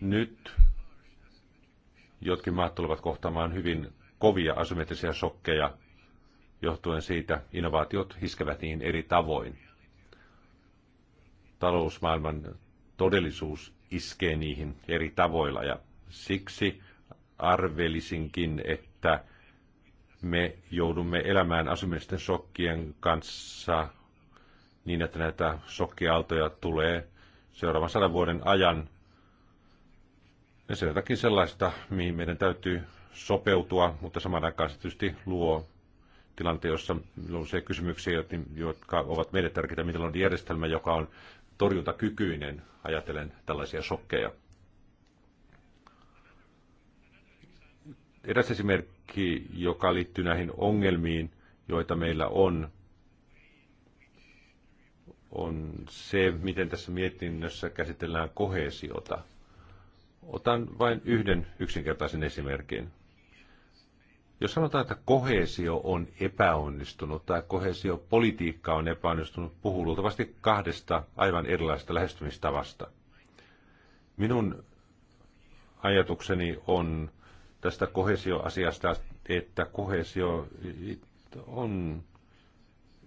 Nyt jotkin maat tulevat kohtaamaan hyvin kovia asymmetrisiä sokkeja johtuen siitä innovaatiot hiskevät niin eri tavoin. Talousmaailman todellisuus iskee niihin eri tavoilla ja siksi arvelisinkin, että me joudumme elämään asumisten sokkien kanssa niin, että näitä sokkialtoja tulee seuraavan sadan vuoden ajan. Ja se on jotakin sellaista, mihin meidän täytyy sopeutua, mutta samanaikaisesti aikaan se tietysti luo tilanteen, jossa nousee kysymyksiä, jotka ovat meille tärkeitä, miten on järjestelmä, joka on torjuntakykyinen, ajatellen tällaisia sokkeja. Eräs esimerkki, joka liittyy näihin ongelmiin, joita meillä on, on se, miten tässä mietinnössä käsitellään kohesiota. Otan vain yhden yksinkertaisen esimerkin. Jos sanotaan, että kohesio on epäonnistunut tai kohesiopolitiikka on epäonnistunut, puhuu luultavasti kahdesta aivan erilaisesta lähestymistavasta. Minun ajatukseni on tästä kohesioasiasta, että kohesio on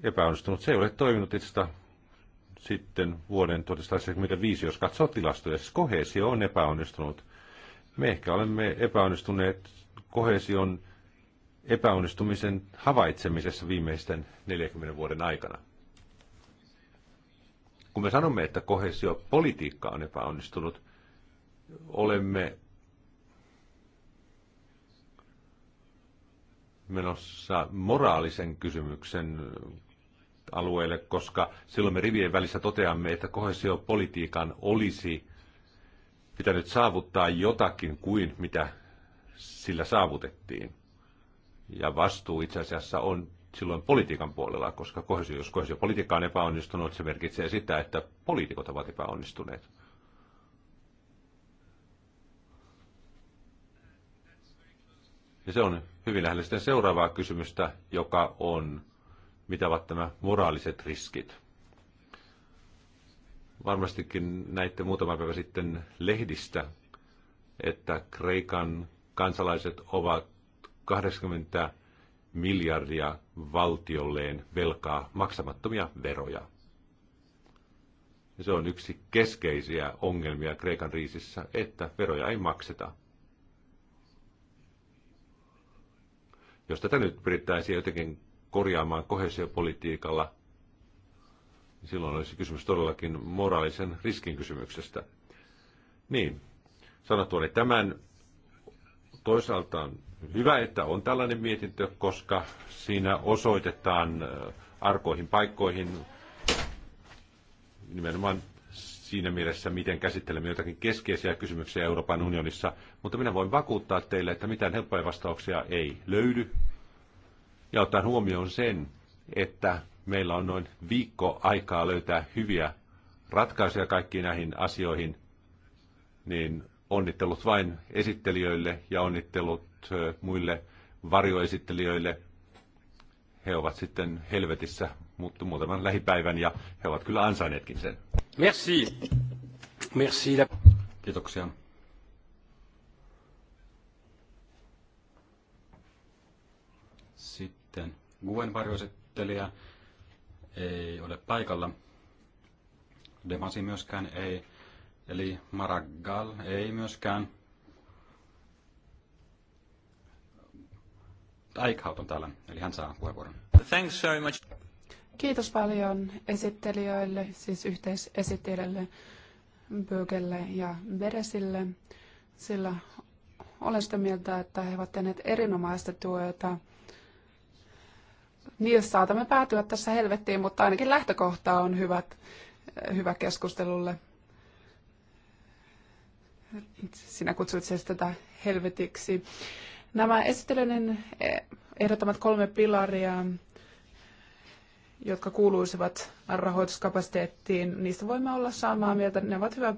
epäonnistunut. Se ei ole toiminut itse sitten vuoden 1975, jos katsoo tilastoja. Siis kohesio on epäonnistunut. Me ehkä olemme epäonnistuneet kohesion epäonnistumisen havaitsemisessa viimeisten 40 vuoden aikana. Kun me sanomme, että kohesiopolitiikka on epäonnistunut, olemme menossa moraalisen kysymyksen alueelle, koska silloin me rivien välissä toteamme, että kohesiopolitiikan olisi pitänyt saavuttaa jotakin kuin mitä sillä saavutettiin. Ja vastuu itse asiassa on silloin politiikan puolella, koska kohesio, jos kohesiopolitiikka on epäonnistunut, se merkitsee sitä, että poliitikot ovat epäonnistuneet. Ja se on hyvin lähellä sitten seuraavaa kysymystä, joka on, mitä ovat nämä moraaliset riskit. Varmastikin näitte muutama päivä sitten lehdistä, että Kreikan kansalaiset ovat 80 miljardia valtiolleen velkaa maksamattomia veroja. Ja se on yksi keskeisiä ongelmia Kreikan riisissä, että veroja ei makseta. Jos tätä nyt pyrittäisiin jotenkin korjaamaan kohesiopolitiikalla, niin silloin olisi kysymys todellakin moraalisen riskin kysymyksestä. Niin, sanottu oli tämän. Toisaalta hyvä, että on tällainen mietintö, koska siinä osoitetaan arkoihin paikkoihin nimenomaan siinä mielessä, miten käsittelemme jotakin keskeisiä kysymyksiä Euroopan unionissa, mutta minä voin vakuuttaa teille, että mitään helppoja vastauksia ei löydy. Ja ottaen huomioon sen, että meillä on noin viikko aikaa löytää hyviä ratkaisuja kaikkiin näihin asioihin, niin onnittelut vain esittelijöille ja onnittelut muille varjoesittelijöille. He ovat sitten helvetissä mutta muutaman lähipäivän ja he ovat kyllä ansainneetkin sen. Merci. Merci. Kiitoksia. Sitten Guen varjoesittelijä ei ole paikalla. Demasi myöskään ei. Eli Maragall ei myöskään. Eichhout on täällä, eli hän saa puheenvuoron. Thanks very much. Kiitos paljon esittelijöille, siis yhteisesittelijöille, Bögelle ja veresille, sillä olen sitä mieltä, että he ovat tehneet erinomaista työtä. Niin, saatamme päätyä tässä helvettiin, mutta ainakin lähtökohta on hyvät, hyvä keskustelulle. Sinä kutsuit siis tätä helvetiksi. Nämä esittelyiden ehdottamat kolme pilaria, jotka kuuluisivat rahoituskapasiteettiin, niistä voimme olla samaa mieltä. Ne ovat hyvä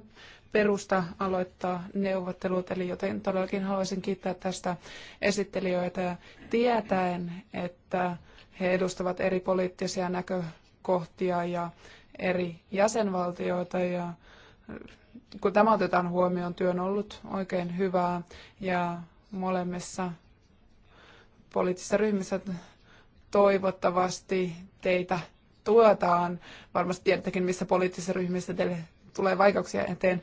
perusta aloittaa neuvottelut, eli joten todellakin haluaisin kiittää tästä esittelijöitä tietäen, että he edustavat eri poliittisia näkökohtia ja eri jäsenvaltioita ja kun tämä otetaan huomioon, työ on ollut oikein hyvää ja molemmissa poliittisissa ryhmissä toivottavasti teitä tuetaan. Varmasti tiedättekin, missä poliittisissa ryhmissä teille tulee vaikeuksia eteen.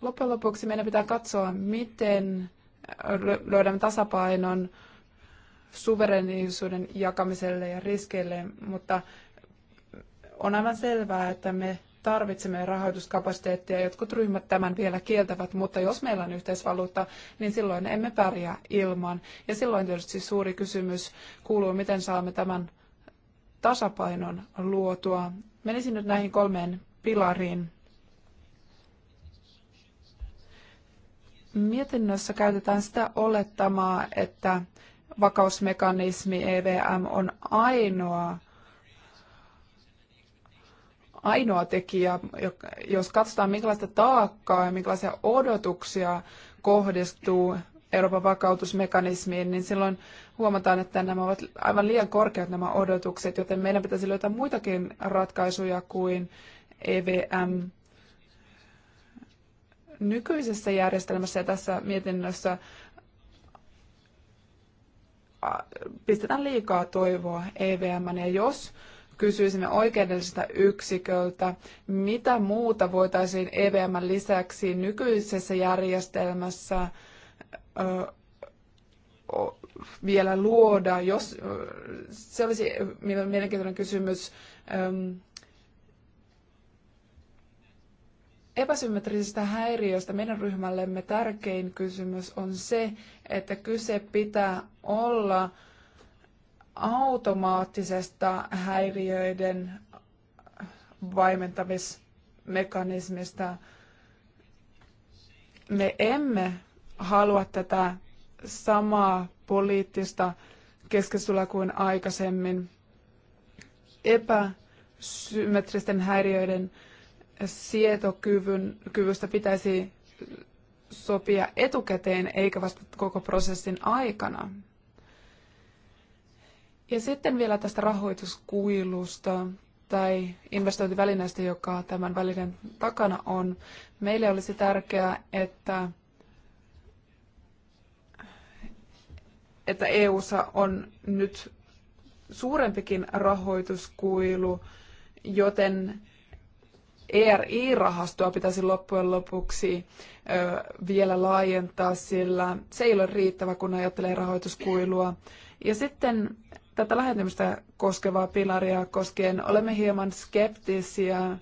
Loppujen lopuksi meidän pitää katsoa, miten löydämme tasapainon suverenisuuden jakamiselle ja riskeille, mutta on aivan selvää, että me tarvitsemme rahoituskapasiteettia. Jotkut ryhmät tämän vielä kieltävät, mutta jos meillä on yhteisvaluutta, niin silloin emme pärjää ilman. Ja silloin tietysti suuri kysymys kuuluu, miten saamme tämän tasapainon luotua. Menisin nyt näihin kolmeen pilariin. Mietinnössä käytetään sitä olettamaa, että vakausmekanismi EVM on ainoa ainoa tekijä. Jos katsotaan, minkälaista taakkaa ja minkälaisia odotuksia kohdistuu Euroopan vakautusmekanismiin, niin silloin huomataan, että nämä ovat aivan liian korkeat nämä odotukset, joten meidän pitäisi löytää muitakin ratkaisuja kuin EVM. Nykyisessä järjestelmässä ja tässä mietinnössä pistetään liikaa toivoa EVM, ja jos kysyisimme oikeudelliselta yksiköltä, mitä muuta voitaisiin EVMn lisäksi nykyisessä järjestelmässä vielä luoda, jos se olisi mielenkiintoinen kysymys epäsymmetrisistä häiriöistä meidän ryhmällemme tärkein kysymys on se, että kyse pitää olla automaattisesta häiriöiden vaimentamismekanismista. Me emme halua tätä samaa poliittista keskustelua kuin aikaisemmin. Epäsymmetristen häiriöiden sietokyvystä pitäisi sopia etukäteen eikä vasta koko prosessin aikana. Ja sitten vielä tästä rahoituskuilusta tai investointivälineestä, joka tämän välinen takana on. Meille olisi tärkeää, että, että EU:ssa on nyt suurempikin rahoituskuilu, joten ERI-rahastoa pitäisi loppujen lopuksi vielä laajentaa, sillä se ei ole riittävä, kun ajattelee rahoituskuilua. Ja sitten tätä lähentymistä koskevaa pilaria koskien olemme hieman skeptisiä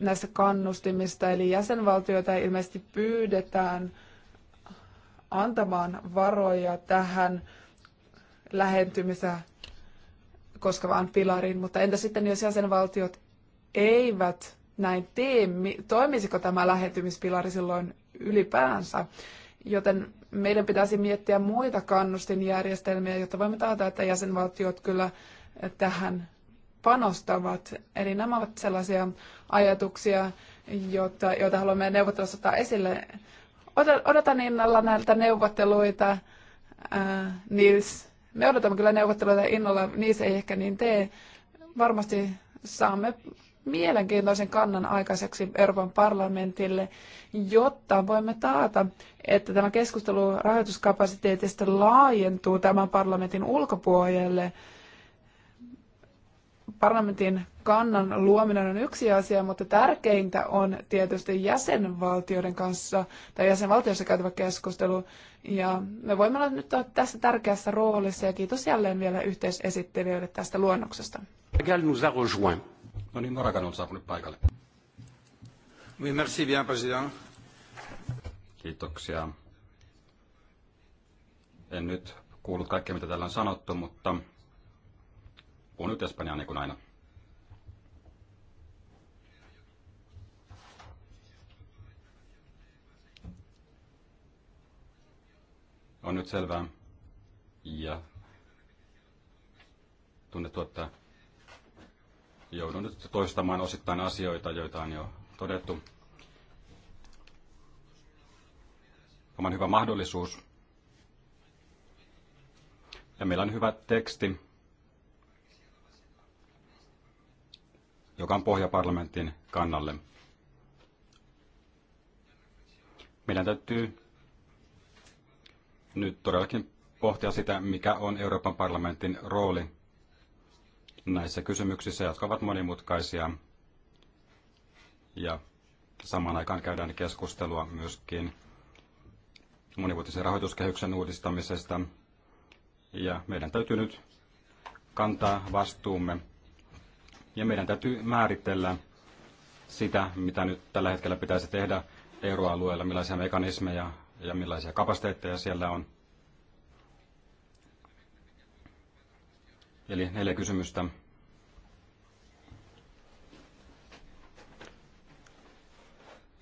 näistä kannustimista, eli jäsenvaltioita ilmeisesti pyydetään antamaan varoja tähän lähentymistä koskevaan pilariin, mutta entä sitten jos jäsenvaltiot eivät näin tee, toimisiko tämä lähentymispilari silloin ylipäänsä? Joten meidän pitäisi miettiä muita kannustinjärjestelmiä, jotta voimme taata, että jäsenvaltiot kyllä tähän panostavat. Eli nämä ovat sellaisia ajatuksia, joita, joita haluamme neuvottelussa ottaa esille. Odotan innolla näiltä neuvotteluita. Ää, äh, me odotamme kyllä neuvotteluita innolla, niissä ei ehkä niin tee. Varmasti saamme mielenkiintoisen kannan aikaiseksi Euroopan parlamentille, jotta voimme taata, että tämä keskustelu rahoituskapasiteetista laajentuu tämän parlamentin ulkopuolelle. Parlamentin kannan luominen on yksi asia, mutta tärkeintä on tietysti jäsenvaltioiden kanssa tai jäsenvaltioissa käytävä keskustelu. Ja me voimme olla nyt tässä tärkeässä roolissa ja kiitos jälleen vielä yhteisesittelijöille tästä luonnoksesta. Gal nous a rejoint No niin, Morakan on saapunut paikalle. Oui, merci bien, président. Kiitoksia. En nyt kuullut kaikkea, mitä täällä on sanottu, mutta puhun nyt Espanjaa niin kuin aina. On nyt selvää ja tunnettu, että Joudun nyt toistamaan osittain asioita, joita on jo todettu. Oman hyvä mahdollisuus. Ja meillä on hyvä teksti, joka on pohja parlamentin kannalle. Meidän täytyy nyt todellakin pohtia sitä, mikä on Euroopan parlamentin rooli näissä kysymyksissä, jotka ovat monimutkaisia. Ja samaan aikaan käydään keskustelua myöskin monivuotisen rahoituskehyksen uudistamisesta. Ja meidän täytyy nyt kantaa vastuumme. Ja meidän täytyy määritellä sitä, mitä nyt tällä hetkellä pitäisi tehdä euroalueella, millaisia mekanismeja ja millaisia kapasiteetteja siellä on. Eli neljä kysymystä.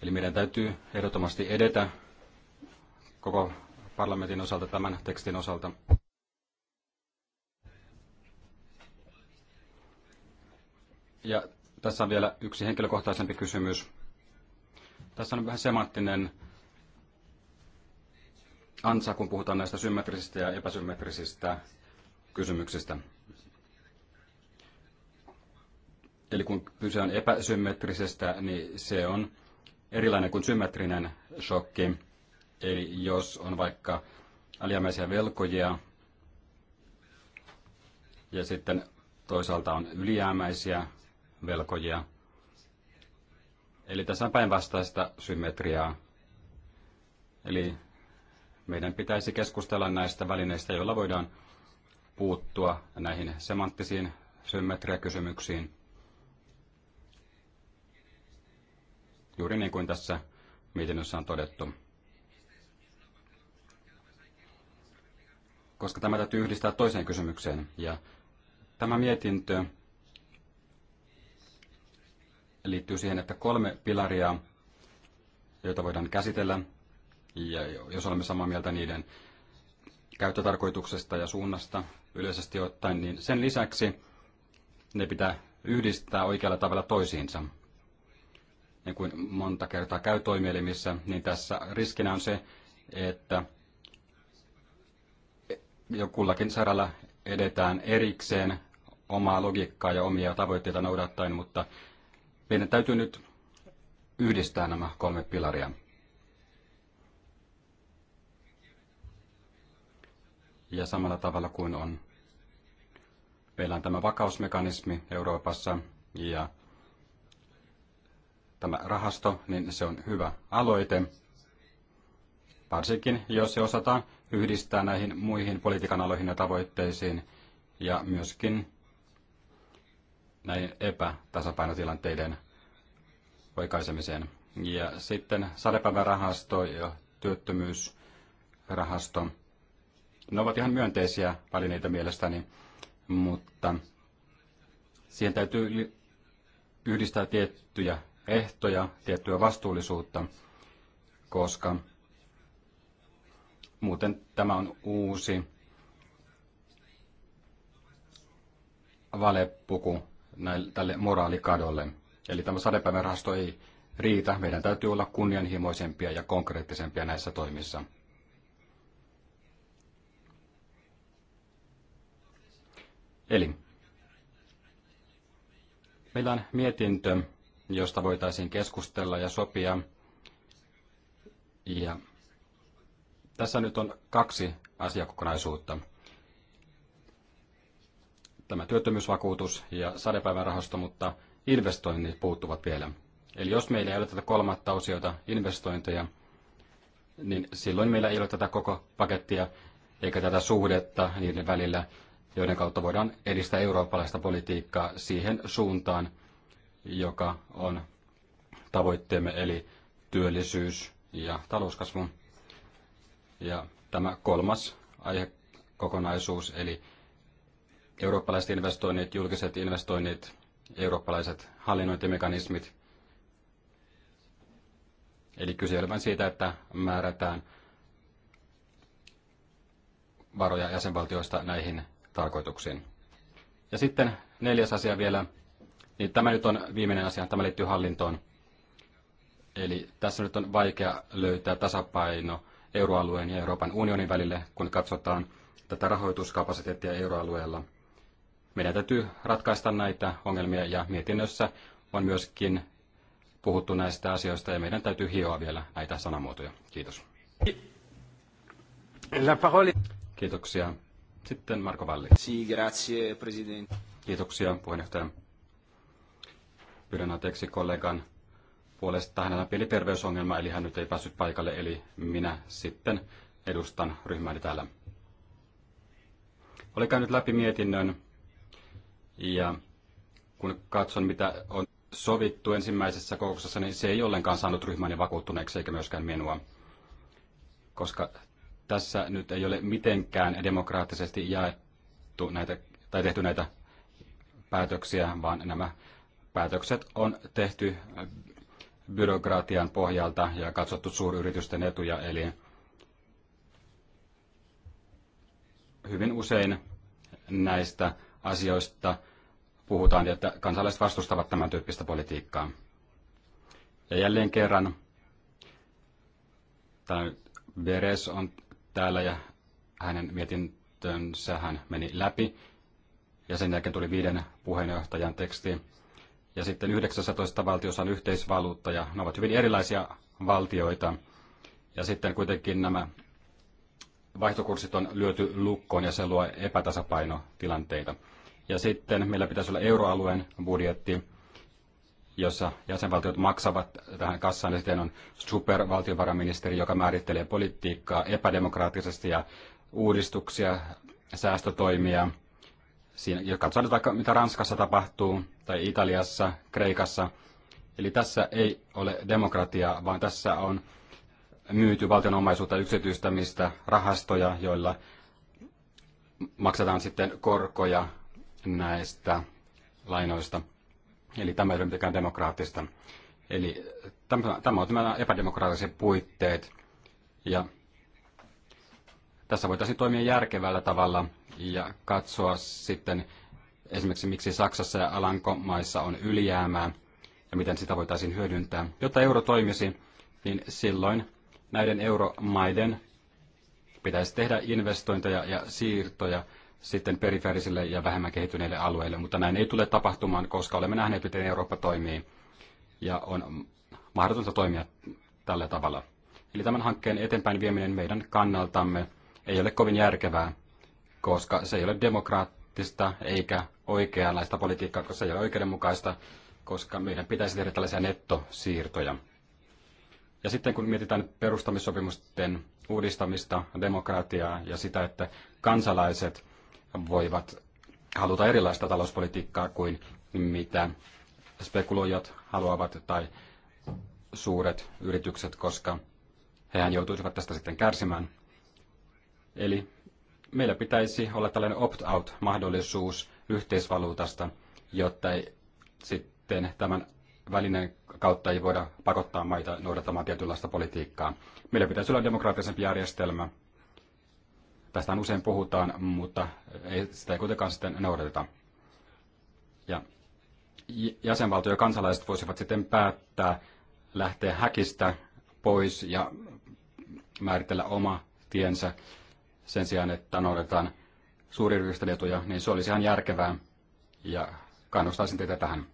Eli meidän täytyy ehdottomasti edetä koko parlamentin osalta tämän tekstin osalta. Ja tässä on vielä yksi henkilökohtaisempi kysymys. Tässä on vähän semanttinen ansa, kun puhutaan näistä symmetrisistä ja epäsymmetrisistä kysymyksistä. Eli kun kyse on epäsymmetrisestä, niin se on erilainen kuin symmetrinen shokki. Eli jos on vaikka alijäämäisiä velkoja ja sitten toisaalta on ylijäämäisiä velkoja, Eli tässä on päinvastaista symmetriaa. Eli meidän pitäisi keskustella näistä välineistä, joilla voidaan puuttua näihin semanttisiin symmetriakysymyksiin. juuri niin kuin tässä mietinnössä on todettu. Koska tämä täytyy yhdistää toiseen kysymykseen. Ja tämä mietintö liittyy siihen, että kolme pilaria, joita voidaan käsitellä, ja jos olemme samaa mieltä niiden käyttötarkoituksesta ja suunnasta yleisesti ottaen, niin sen lisäksi ne pitää yhdistää oikealla tavalla toisiinsa niin kuin monta kertaa käy toimielimissä, niin tässä riskinä on se, että jokullakin saralla edetään erikseen omaa logiikkaa ja omia tavoitteita noudattaen, mutta meidän täytyy nyt yhdistää nämä kolme pilaria. Ja samalla tavalla kuin on, meillä on tämä vakausmekanismi Euroopassa ja tämä rahasto, niin se on hyvä aloite, varsinkin jos se osataan yhdistää näihin muihin politiikan aloihin ja tavoitteisiin ja myöskin näihin epätasapainotilanteiden oikaisemiseen. Ja sitten sadepäivärahasto ja työttömyysrahasto. Ne ovat ihan myönteisiä välineitä mielestäni, mutta siihen täytyy yhdistää tiettyjä ehtoja, tiettyä vastuullisuutta, koska muuten tämä on uusi valepuku näille, tälle moraalikadolle. Eli tämä sadepäivärahasto ei riitä. Meidän täytyy olla kunnianhimoisempia ja konkreettisempia näissä toimissa. Eli meillä on mietintö, josta voitaisiin keskustella ja sopia. Ja tässä nyt on kaksi asiakokonaisuutta. Tämä työttömyysvakuutus ja sadepäivärahasto, mutta investoinnit puuttuvat vielä. Eli jos meillä ei ole tätä kolmatta osiota investointeja, niin silloin meillä ei ole tätä koko pakettia eikä tätä suhdetta niiden välillä, joiden kautta voidaan edistää eurooppalaista politiikkaa siihen suuntaan, joka on tavoitteemme, eli työllisyys ja talouskasvu. Ja tämä kolmas aihekokonaisuus, eli eurooppalaiset investoinnit, julkiset investoinnit, eurooppalaiset hallinnointimekanismit. Eli kyse on vain siitä, että määrätään varoja jäsenvaltioista näihin tarkoituksiin. Ja sitten neljäs asia vielä, niin tämä nyt on viimeinen asia, tämä liittyy hallintoon. Eli tässä nyt on vaikea löytää tasapaino euroalueen ja Euroopan unionin välille, kun katsotaan tätä rahoituskapasiteettia euroalueella. Meidän täytyy ratkaista näitä ongelmia ja mietinnössä on myöskin puhuttu näistä asioista ja meidän täytyy hioa vielä näitä sanamuotoja. Kiitos. La parole. Kiitoksia. Sitten Marko Valli. grazie, Kiitoksia, puheenjohtaja pyydän anteeksi kollegan puolesta. Hänellä on pieni terveysongelma, eli hän nyt ei päässyt paikalle, eli minä sitten edustan ryhmääni täällä. Olen käynyt läpi mietinnön ja kun katson, mitä on sovittu ensimmäisessä kokouksessa, niin se ei ollenkaan saanut ryhmäni vakuuttuneeksi eikä myöskään minua, koska tässä nyt ei ole mitenkään demokraattisesti jaettu näitä, tai tehty näitä päätöksiä, vaan nämä päätökset on tehty äh, byrokratian pohjalta ja katsottu suuryritysten etuja, eli hyvin usein näistä asioista puhutaan, että kansalaiset vastustavat tämän tyyppistä politiikkaa. Ja jälleen kerran, tämä Beres on täällä ja hänen mietintönsä hän meni läpi, ja sen jälkeen tuli viiden puheenjohtajan teksti, ja sitten 19 valtiossa on yhteisvaluutta ja ne ovat hyvin erilaisia valtioita. Ja sitten kuitenkin nämä vaihtokurssit on lyöty lukkoon ja se luo epätasapainotilanteita. Ja sitten meillä pitäisi olla euroalueen budjetti, jossa jäsenvaltiot maksavat tähän kassaan ja sitten on supervaltiovarainministeri, joka määrittelee politiikkaa epädemokraattisesti ja uudistuksia, säästötoimia – Siinä, jos katsotaan nyt vaikka, mitä Ranskassa tapahtuu, tai Italiassa, Kreikassa. Eli tässä ei ole demokratiaa, vaan tässä on myyty valtionomaisuutta yksityistämistä, rahastoja, joilla maksetaan sitten korkoja näistä lainoista. Eli tämä ei ole mitenkään demokraattista. Eli tämä, tämä on tämä epädemokraattiset puitteet. Ja tässä voitaisiin toimia järkevällä tavalla ja katsoa sitten esimerkiksi miksi Saksassa ja Alankomaissa on ylijäämää ja miten sitä voitaisiin hyödyntää. Jotta euro toimisi, niin silloin näiden euromaiden pitäisi tehdä investointeja ja siirtoja sitten perifeerisille ja vähemmän kehittyneille alueille, mutta näin ei tule tapahtumaan, koska olemme nähneet, miten Eurooppa toimii ja on mahdotonta toimia tällä tavalla. Eli tämän hankkeen eteenpäin vieminen meidän kannaltamme ei ole kovin järkevää, koska se ei ole demokraattista eikä oikeanlaista politiikkaa, koska se ei ole oikeudenmukaista, koska meidän pitäisi tehdä tällaisia nettosiirtoja. Ja sitten kun mietitään perustamissopimusten uudistamista, demokratiaa ja sitä, että kansalaiset voivat haluta erilaista talouspolitiikkaa kuin mitä spekuloijat haluavat tai suuret yritykset, koska hehän joutuisivat tästä sitten kärsimään. Eli meillä pitäisi olla tällainen opt-out-mahdollisuus yhteisvaluutasta, jotta ei sitten tämän välinen kautta ei voida pakottaa maita noudattamaan tietynlaista politiikkaa. Meillä pitäisi olla demokraattisempi järjestelmä. Tästä usein puhutaan, mutta ei, sitä ei kuitenkaan sitten noudateta. Ja jäsenvaltio ja kansalaiset voisivat sitten päättää lähteä häkistä pois ja määritellä oma tiensä sen sijaan, että noudatetaan suuryritysten etuja, niin se olisi ihan järkevää ja kannustaisin teitä tähän.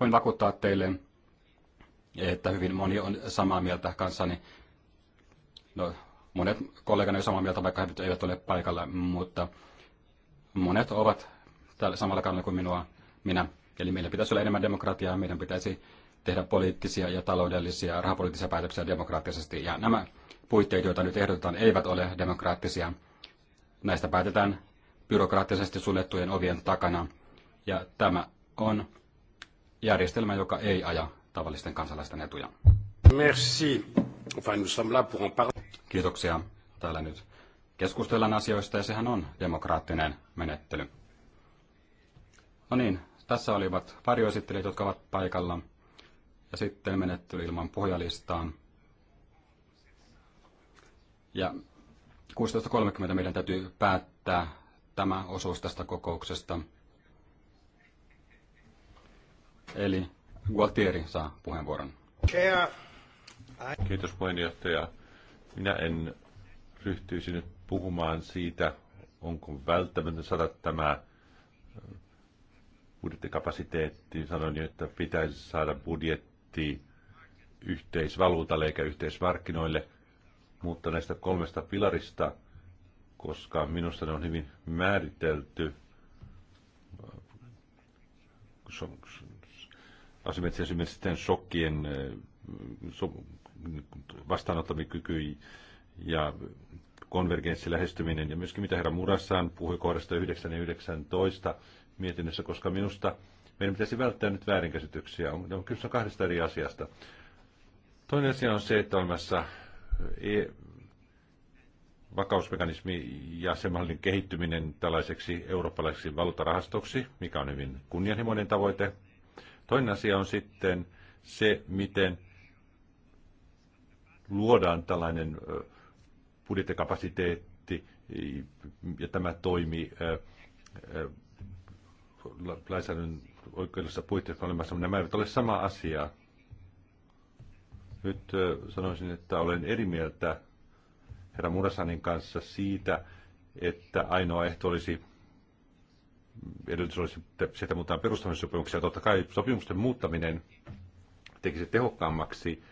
Voin vakuuttaa teille, että hyvin moni on samaa mieltä kanssani. No, monet kollegani ovat samaa mieltä, vaikka he eivät ole paikalla, mutta monet ovat tällä samalla kannalla kuin minua, minä. Eli meillä pitäisi olla enemmän demokratiaa, meidän pitäisi tehdä poliittisia ja taloudellisia rahapoliittisia päätöksiä demokraattisesti. Ja nämä puitteet, joita nyt ehdotetaan, eivät ole demokraattisia. Näistä päätetään byrokraattisesti suljettujen ovien takana. Ja tämä on järjestelmä, joka ei aja tavallisten kansalaisten etuja. Merci. Enfin, nous sommes là pour en parler. Kiitoksia. Täällä nyt keskustellaan asioista ja sehän on demokraattinen menettely. No niin, tässä olivat varjoesittelijät, jotka ovat paikalla ja sitten menetty ilman pohjalistaan Ja 16.30 meidän täytyy päättää tämä osuus tästä kokouksesta. Eli Gualtieri saa puheenvuoron. Kiitos puheenjohtaja. Minä en ryhtyisi nyt puhumaan siitä, onko välttämätöntä saada tämä äh, budjettikapasiteetti. Sanoin jo, että pitäisi saada budjetti budjetti yhteisvaluutalle eikä yhteismarkkinoille, mutta näistä kolmesta pilarista, koska minusta ne on hyvin määritelty, esimerkiksi sitten shokkien eh, vastaanottamikyky ja konvergenssilähestyminen ja myöskin mitä herra Murassaan puhui kohdasta 9 ja 19 mietinnössä, koska minusta – meidän pitäisi välttää nyt väärinkäsityksiä. On, kyse on kahdesta eri asiasta. Toinen asia on se, että olemassa e- vakausmekanismi ja sen mallin kehittyminen tällaiseksi eurooppalaiseksi valuutarahastoksi, mikä on hyvin kunnianhimoinen tavoite. Toinen asia on sitten se, miten luodaan tällainen budjettikapasiteetti ja tämä toimii lainsäädännön oikeudellisessa puitteissa olemassa, nämä eivät ole sama asia. Nyt sanoisin, että olen eri mieltä herra Murasanin kanssa siitä, että ainoa ehto olisi edellytys olisi se, että muutetaan perustamissopimuksia. Totta kai sopimusten muuttaminen tekisi tehokkaammaksi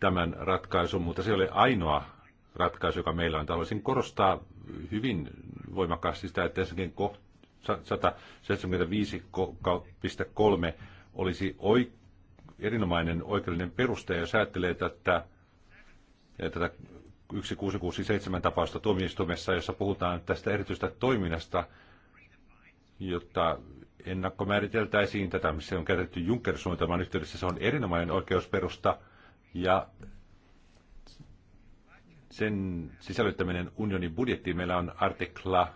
tämän ratkaisun, mutta se ei ole ainoa ratkaisu, joka meillä on. Haluaisin korostaa hyvin voimakkaasti sitä, että ensinnäkin kohta 175.3 olisi oi, erinomainen oikeudellinen peruste, jos ajattelee tätä, tätä 1667 tapausta tuomioistuimessa, jossa puhutaan tästä erityistä toiminnasta, jotta ennakkomääriteltäisiin tätä, missä on käytetty Juncker-suunnitelman yhteydessä. Se on erinomainen oikeusperusta ja sen sisällyttäminen unionin budjettiin. Meillä on artikla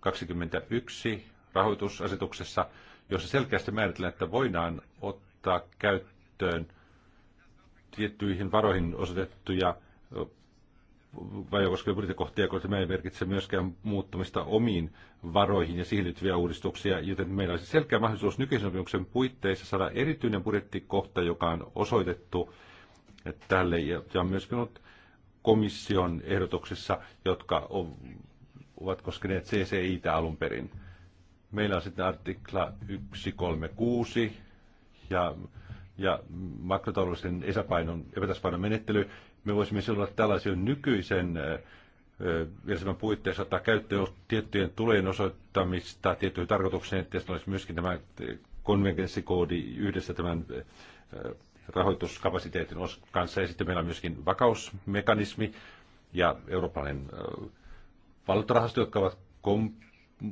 21 rahoitusasetuksessa, jossa selkeästi määritellään, että voidaan ottaa käyttöön tiettyihin varoihin osoitettuja vajakoskevia budjettikohtia, koska tämä ei merkitse myöskään muuttumista omiin varoihin ja siihen liittyviä uudistuksia, joten meillä olisi selkeä mahdollisuus nykyisen sopimuksen puitteissa saada erityinen budjettikohta, joka on osoitettu tälle ja, ja myöskin ollut komission ehdotuksissa, jotka on ovat koskeneet cci alun perin. Meillä on sitten artikla 136 ja, ja makrotaloudellisen esäpainon, epätasapainon menettely. Me voisimme silloin olla tällaisen nykyisen järjestelmän puitteissa ottaa käyttöön tiettyjen tulojen osoittamista tiettyyn tarkoitukseen, että olisi myöskin tämä konvergenssikoodi yhdessä tämän rahoituskapasiteetin kanssa. Ja sitten meillä on myöskin vakausmekanismi ja eurooppalainen valuuttarahasto, jotka ovat kom-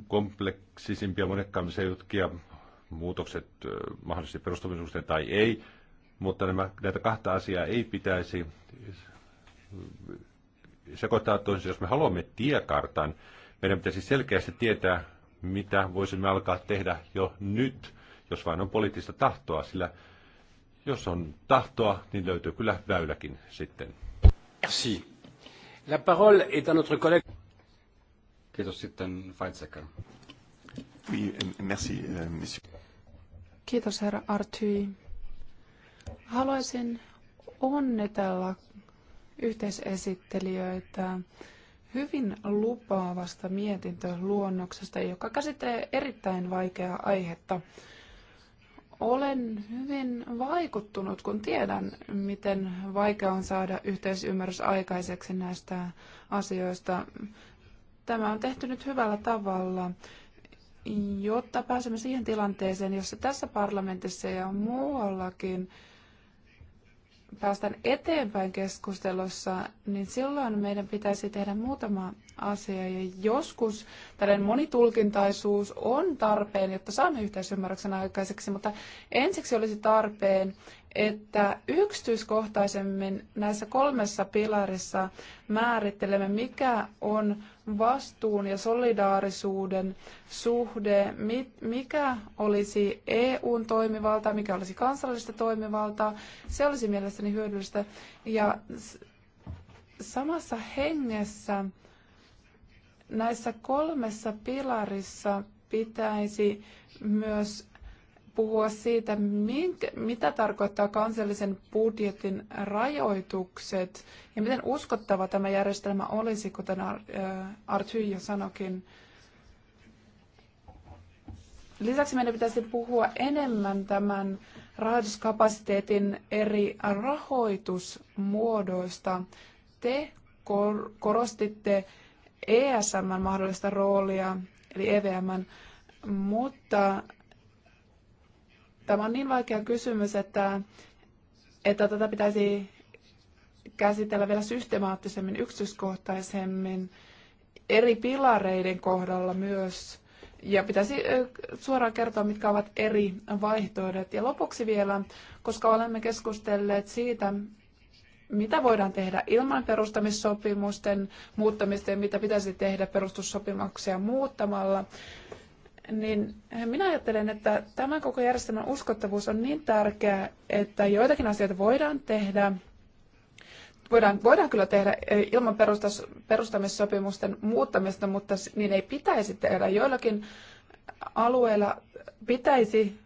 kompleksisimpia, monekkaampia jutkia, muutokset mahdollisesti perustamisuusten tai ei, mutta nämä, näitä kahta asiaa ei pitäisi sekoittaa toisiinsa. Jos me haluamme tiekartan, meidän pitäisi selkeästi tietää, mitä voisimme alkaa tehdä jo nyt, jos vain on poliittista tahtoa, sillä jos on tahtoa, niin löytyy kyllä väyläkin sitten. Merci. La parole est à notre collègue. Kiitos sitten Weizsäcker. merci, euh, monsieur. Kiitos herra Artyi. Haluaisin onnitella yhteisesittelijöitä hyvin lupaavasta mietintöluonnoksesta, joka käsittelee erittäin vaikeaa aihetta. Olen hyvin vaikuttunut, kun tiedän, miten vaikea on saada yhteisymmärrys aikaiseksi näistä asioista. Tämä on tehty nyt hyvällä tavalla, jotta pääsemme siihen tilanteeseen, jossa tässä parlamentissa ja muuallakin päästään eteenpäin keskustelussa, niin silloin meidän pitäisi tehdä muutama asia. Ja joskus tällainen monitulkintaisuus on tarpeen, jotta saamme yhteisymmärryksen aikaiseksi, mutta ensiksi olisi tarpeen että yksityiskohtaisemmin näissä kolmessa pilarissa määrittelemme, mikä on vastuun ja solidaarisuuden suhde, mikä olisi EUn toimivaltaa, mikä olisi kansallista toimivaltaa. Se olisi mielestäni hyödyllistä. Ja samassa hengessä näissä kolmessa pilarissa pitäisi myös puhua siitä, minkä, mitä tarkoittaa kansallisen budjetin rajoitukset ja miten uskottava tämä järjestelmä olisi, kuten Arthur jo sanokin. Lisäksi meidän pitäisi puhua enemmän tämän rahoituskapasiteetin eri rahoitusmuodoista. Te korostitte ESMn mahdollista roolia, eli EVMn, mutta Tämä on niin vaikea kysymys, että, että tätä pitäisi käsitellä vielä systemaattisemmin, yksityiskohtaisemmin, eri pilareiden kohdalla myös. Ja pitäisi suoraan kertoa, mitkä ovat eri vaihtoehdot. Ja lopuksi vielä, koska olemme keskustelleet siitä, mitä voidaan tehdä ilman perustamissopimusten muuttamista ja mitä pitäisi tehdä perustussopimuksia muuttamalla niin eh, minä ajattelen, että tämän koko järjestelmän uskottavuus on niin tärkeä, että joitakin asioita voidaan tehdä, voidaan, voidaan kyllä tehdä eh, ilman perustas, perustamissopimusten muuttamista, mutta niin ei pitäisi tehdä. Joillakin alueilla pitäisi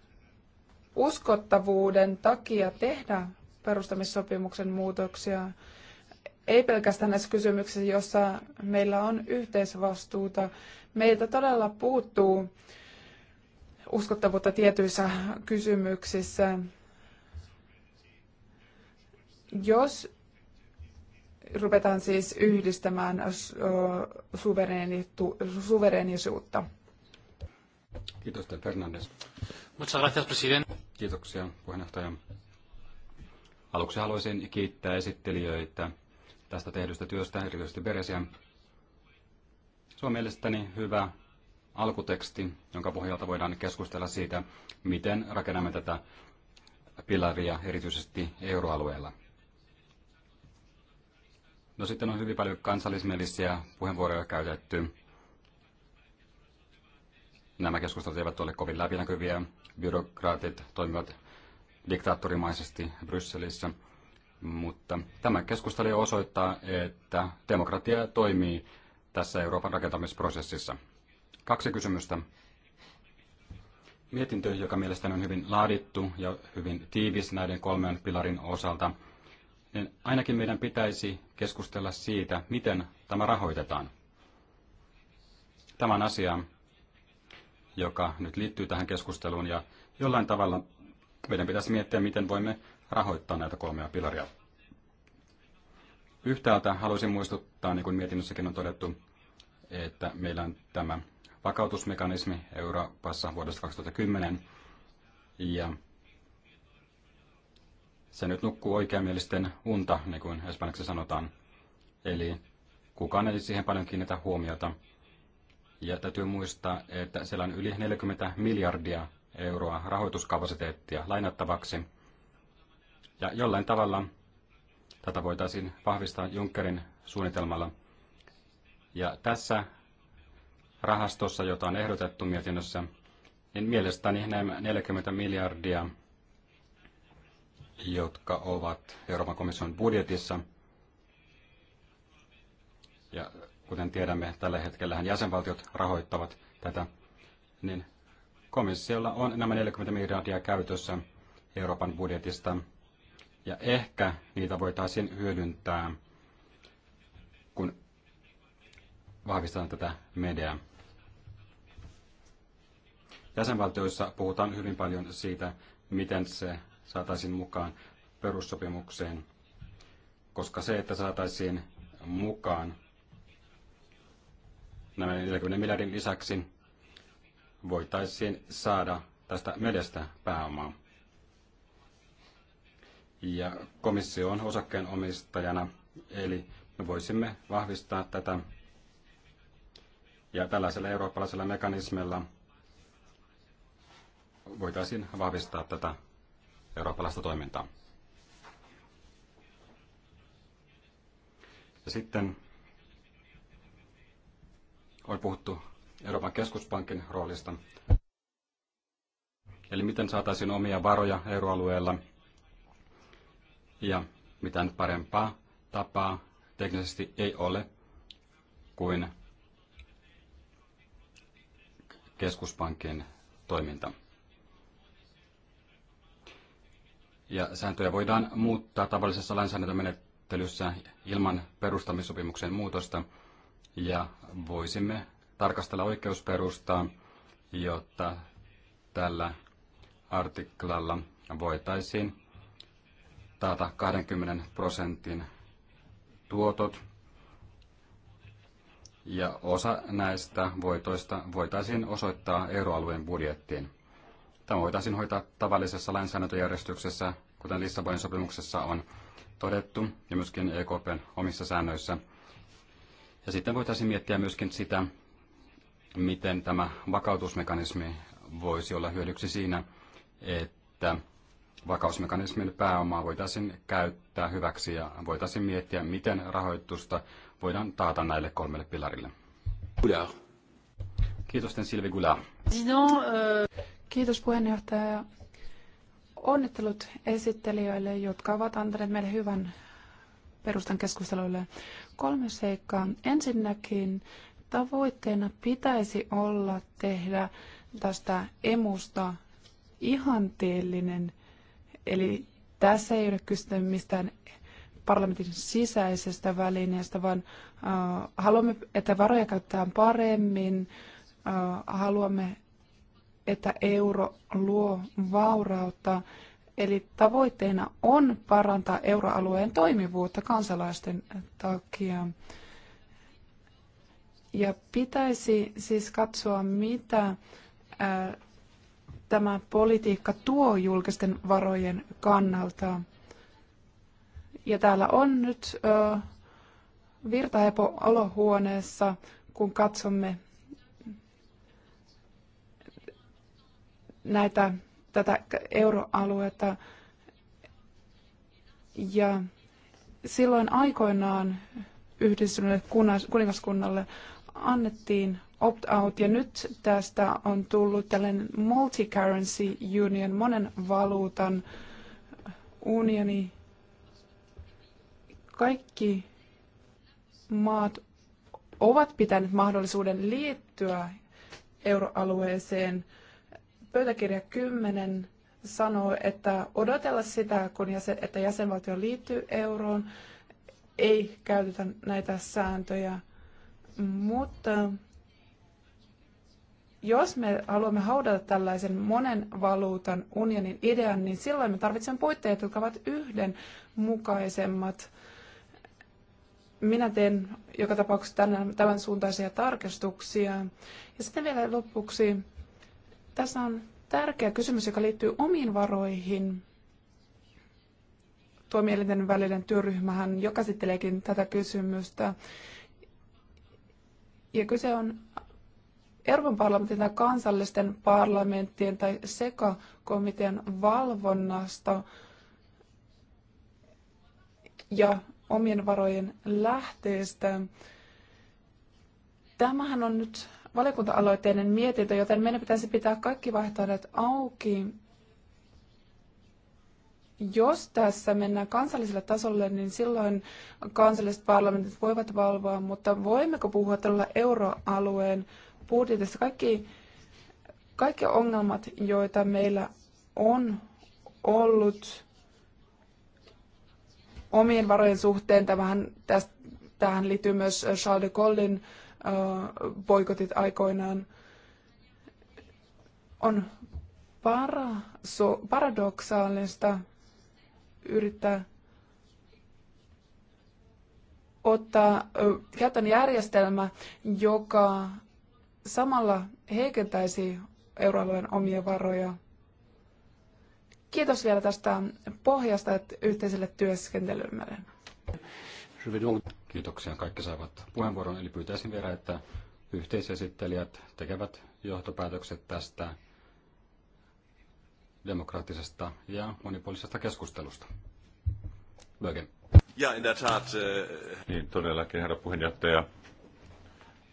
uskottavuuden takia tehdä perustamissopimuksen muutoksia ei pelkästään näissä kysymyksissä, joissa meillä on yhteisvastuuta. Meiltä todella puuttuu uskottavuutta tietyissä kysymyksissä. Jos ruvetaan siis yhdistämään suvereenisuutta. Kiitos, Fernandes. Muchas gracias, presidente. Kiitoksia, puheenjohtaja. Aluksi haluaisin kiittää esittelijöitä tästä tehdystä työstä, erityisesti Beresiä. Se on mielestäni hyvä alkuteksti, jonka pohjalta voidaan keskustella siitä, miten rakennamme tätä pilaria erityisesti euroalueella. No sitten on hyvin paljon kansallismielisiä puheenvuoroja käytetty. Nämä keskustelut eivät ole kovin läpinäkyviä. Byrokraatit toimivat diktaattorimaisesti Brysselissä. Mutta tämä keskustelu osoittaa, että demokratia toimii tässä Euroopan rakentamisprosessissa. Kaksi kysymystä. Mietintö, joka mielestäni on hyvin laadittu ja hyvin tiivis näiden kolmen pilarin osalta, niin ainakin meidän pitäisi keskustella siitä, miten tämä rahoitetaan. Tämä on asia, joka nyt liittyy tähän keskusteluun ja jollain tavalla meidän pitäisi miettiä, miten voimme rahoittaa näitä kolmea pilaria. Yhtäältä haluaisin muistuttaa, niin kuin mietinnössäkin on todettu, että meillä on tämä vakautusmekanismi Euroopassa vuodesta 2010, ja se nyt nukkuu oikeamielisten unta, niin kuin espanjaksi sanotaan. Eli kukaan ei siihen paljon kiinnitä huomiota. Ja täytyy muistaa, että siellä on yli 40 miljardia euroa rahoituskapasiteettia lainattavaksi – ja jollain tavalla tätä voitaisiin vahvistaa Junckerin suunnitelmalla. Ja tässä rahastossa, jota on ehdotettu mietinnössä, niin mielestäni nämä 40 miljardia, jotka ovat Euroopan komission budjetissa, ja kuten tiedämme, tällä hetkellä jäsenvaltiot rahoittavat tätä, niin komissiolla on nämä 40 miljardia käytössä Euroopan budjetista ja ehkä niitä voitaisiin hyödyntää, kun vahvistetaan tätä mediaa. Jäsenvaltioissa puhutaan hyvin paljon siitä, miten se saataisiin mukaan perussopimukseen, koska se, että saataisiin mukaan nämä 40 miljardin lisäksi, voitaisiin saada tästä mediasta pääomaa ja komissio on osakkeen omistajana, eli me voisimme vahvistaa tätä ja tällaisella eurooppalaisella mekanismilla voitaisiin vahvistaa tätä eurooppalaista toimintaa. Ja sitten on puhuttu Euroopan keskuspankin roolista. Eli miten saataisiin omia varoja euroalueella – ja mitään parempaa tapaa teknisesti ei ole kuin keskuspankin toiminta. Ja sääntöjä voidaan muuttaa tavallisessa lainsäädäntömenettelyssä ilman perustamissopimuksen muutosta, ja voisimme tarkastella oikeusperustaa, jotta tällä artiklalla voitaisiin taata 20 prosentin tuotot. Ja osa näistä voitoista voitaisiin osoittaa euroalueen budjettiin. Tämä voitaisiin hoitaa tavallisessa lainsäädäntöjärjestyksessä, kuten Lissabonin sopimuksessa on todettu, ja myöskin EKPn omissa säännöissä. Ja sitten voitaisiin miettiä myöskin sitä, miten tämä vakautusmekanismi voisi olla hyödyksi siinä, että vakausmekanismin pääomaa voitaisiin käyttää hyväksi ja voitaisiin miettiä, miten rahoitusta voidaan taata näille kolmelle pilarille. Kiitos, Silvi Gula. Kiitos puheenjohtaja. Onnittelut esittelijöille, jotka ovat antaneet meille hyvän perustan keskusteluille. Kolme seikkaa. Ensinnäkin tavoitteena pitäisi olla tehdä tästä emusta ihanteellinen Eli tässä ei ole kyse mistään parlamentin sisäisestä välineestä, vaan äh, haluamme, että varoja käytetään paremmin, äh, haluamme, että euro luo vaurautta. Eli tavoitteena on parantaa euroalueen toimivuutta kansalaisten takia. Ja pitäisi siis katsoa, mitä äh, tämä politiikka tuo julkisten varojen kannalta. Ja täällä on nyt ö, virtahepo olohuoneessa, kun katsomme näitä, tätä euroaluetta. Ja silloin aikoinaan yhdistyneelle kuningaskunnalle annettiin opt-out ja nyt tästä on tullut tällainen multi-currency union, monen valuutan unioni. Kaikki maat ovat pitäneet mahdollisuuden liittyä euroalueeseen. Pöytäkirja 10 sanoo, että odotella sitä, kun jäsen, että jäsenvaltio liittyy euroon, ei käytetä näitä sääntöjä, mutta jos me haluamme haudata tällaisen monen valuutan unionin idean, niin silloin me tarvitsemme puitteet, jotka ovat yhdenmukaisemmat. Minä teen joka tapauksessa tämän, tämän suuntaisia tarkistuksia. Ja sitten vielä lopuksi, tässä on tärkeä kysymys, joka liittyy omiin varoihin. Tuo mielenten välinen työryhmähän jo käsitteleekin tätä kysymystä. Ja kyse on Euroopan parlamentin tai kansallisten parlamenttien tai sekakomitean valvonnasta ja omien varojen lähteestä. Tämähän on nyt valiokunta-aloitteinen mietintö, joten meidän pitäisi pitää kaikki vaihtoehdot auki. Jos tässä mennään kansalliselle tasolle, niin silloin kansalliset parlamentit voivat valvoa, mutta voimmeko puhua tällä euroalueen budjetissa. Kaikki, kaikki ongelmat, joita meillä on ollut omien varojen suhteen, tämähän, tästä, tähän liittyy myös Charles de Gaullein boikotit aikoinaan, on para, so, paradoksaalista yrittää ottaa käytön järjestelmä, joka samalla heikentäisi euroalueen omia varoja. Kiitos vielä tästä pohjasta yhteiselle työskentelylle. Kiitoksia. Kaikki saivat puheenvuoron, eli pyytäisin vielä, että yhteisesittelijät tekevät johtopäätökset tästä demokraattisesta ja monipuolisesta keskustelusta. Bögen. Ja, in that heart, uh... Äh, niin, todellakin, herra puheenjohtaja.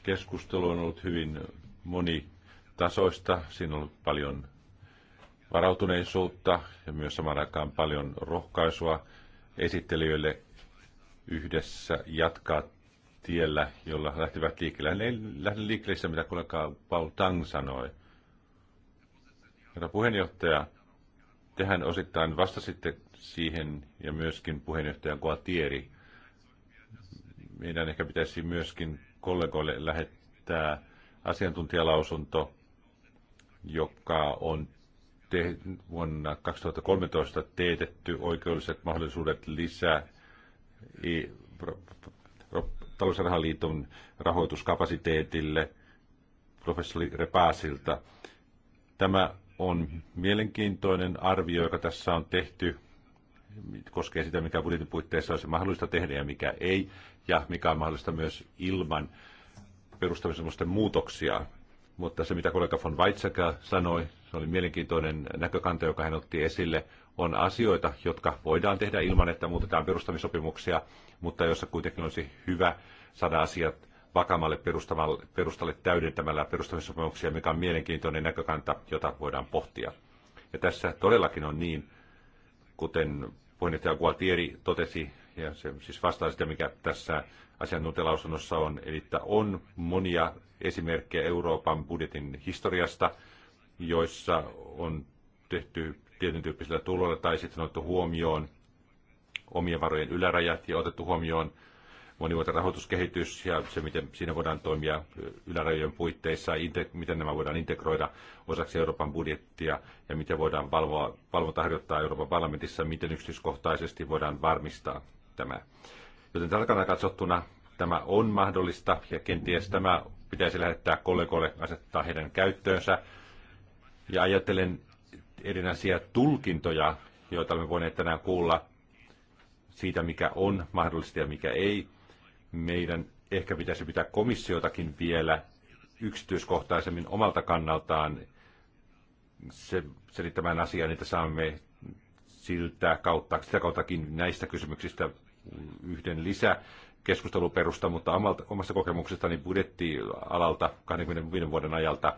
Keskustelu on ollut hyvin monitasoista. Siinä on ollut paljon varautuneisuutta ja myös samaan aikaan paljon rohkaisua esittelijöille yhdessä jatkaa tiellä, jolla lähtivät liikkeelle. Hän ei lähde liikkeelle sitä, mitä kollega Paul Tang sanoi. Mutta puheenjohtaja, tehän osittain vastasitte siihen ja myöskin puheenjohtaja Guatieri. Meidän ehkä pitäisi myöskin kollegoille lähettää asiantuntijalausunto, joka on te- vuonna 2013 teetetty oikeudelliset mahdollisuudet lisää e- talous- ja rahoituskapasiteetille professori Repasilta. Tämä on mielenkiintoinen arvio, joka tässä on tehty, koskee sitä, mikä budjetin puitteissa olisi mahdollista tehdä ja mikä ei ja mikä on mahdollista myös ilman perustamisen muutoksia. Mutta se, mitä kollega von Weizsäcker sanoi, se oli mielenkiintoinen näkökanta, joka hän otti esille, on asioita, jotka voidaan tehdä ilman, että muutetaan perustamisopimuksia, mutta jossa kuitenkin olisi hyvä saada asiat vakamalle perustalle täydentämällä perustamisopimuksia, mikä on mielenkiintoinen näkökanta, jota voidaan pohtia. Ja tässä todellakin on niin, kuten puheenjohtaja Gualtieri totesi, ja se siis vastaa sitä, mikä tässä asiantuntijalausunnossa on, eli että on monia esimerkkejä Euroopan budjetin historiasta, joissa on tehty tietyn tyyppisillä tuloilla tai sitten otettu huomioon omien varojen ylärajat ja otettu huomioon monivuotinen rahoituskehitys ja se, miten siinä voidaan toimia ylärajojen puitteissa, miten nämä voidaan integroida osaksi Euroopan budjettia ja miten voidaan valvoa, valvonta harjoittaa Euroopan parlamentissa, miten yksityiskohtaisesti voidaan varmistaa tämä. Joten tarkana katsottuna tämä on mahdollista ja kenties tämä pitäisi lähettää kollegoille, asettaa heidän käyttöönsä. Ja ajattelen erinäisiä tulkintoja, joita me voineet tänään kuulla siitä, mikä on mahdollista ja mikä ei. Meidän ehkä pitäisi pitää komissiotakin vielä yksityiskohtaisemmin omalta kannaltaan se, selittämään asiaa, niin että saamme siltä kautta, sitä kauttakin näistä kysymyksistä yhden lisä keskusteluperusta, mutta omasta kokemuksestani budjettialalta 25 vuoden ajalta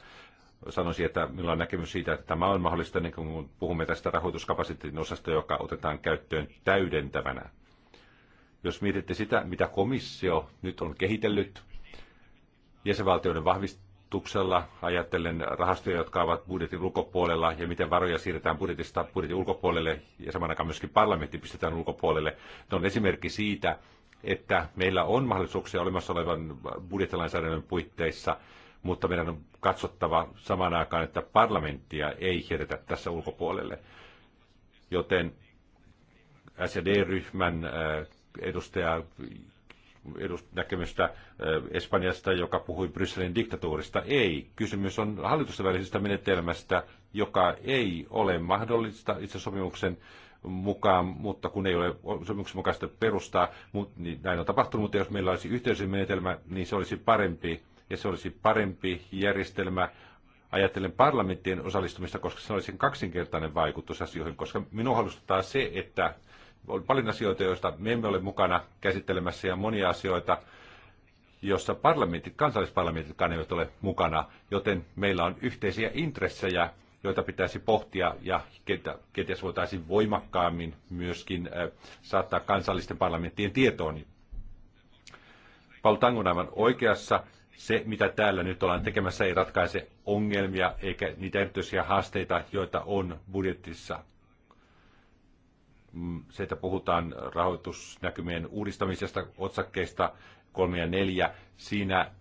sanoisin, että minulla on näkemys siitä, että tämä on mahdollista, niin kun puhumme tästä rahoituskapasiteetin osasta, joka otetaan käyttöön täydentävänä. Jos mietitte sitä, mitä komissio nyt on kehitellyt jäsenvaltioiden vahvist- tarkoituksella ajatellen rahastoja, jotka ovat budjetin ulkopuolella ja miten varoja siirretään budjetista budjetin ulkopuolelle ja saman aikaan myöskin parlamentti pistetään ulkopuolelle. Ne on esimerkki siitä, että meillä on mahdollisuuksia olemassa olevan budjettilainsäädännön puitteissa, mutta meidän on katsottava samaan aikaan, että parlamenttia ei jätetä tässä ulkopuolelle. Joten SD-ryhmän äh, edustaja edust- näkemystä Espanjasta, joka puhui Brysselin diktatuurista. Ei, kysymys on hallitusten välisestä menetelmästä, joka ei ole mahdollista itse sopimuksen mukaan, mutta kun ei ole sopimuksen mukaista perustaa, niin näin on tapahtunut, mutta jos meillä olisi yhteisön menetelmä, niin se olisi parempi, ja se olisi parempi järjestelmä ajattelen parlamenttien osallistumista, koska se olisi kaksinkertainen vaikutus asioihin, koska minua halustetaan se, että on paljon asioita, joista me emme ole mukana käsittelemässä ja monia asioita, jossa parlamentit, kansallisparlamentitkaan eivät ole mukana, joten meillä on yhteisiä intressejä, joita pitäisi pohtia ja ketä, ketä voitaisiin voimakkaammin myöskin äh, saattaa kansallisten parlamenttien tietoon. Paul Tang on aivan oikeassa. Se, mitä täällä nyt ollaan tekemässä, ei ratkaise ongelmia eikä niitä erityisiä haasteita, joita on budjetissa Mm, se, että puhutaan rahoitusnäkymien uudistamisesta otsakkeista kolme ja neljä, siinä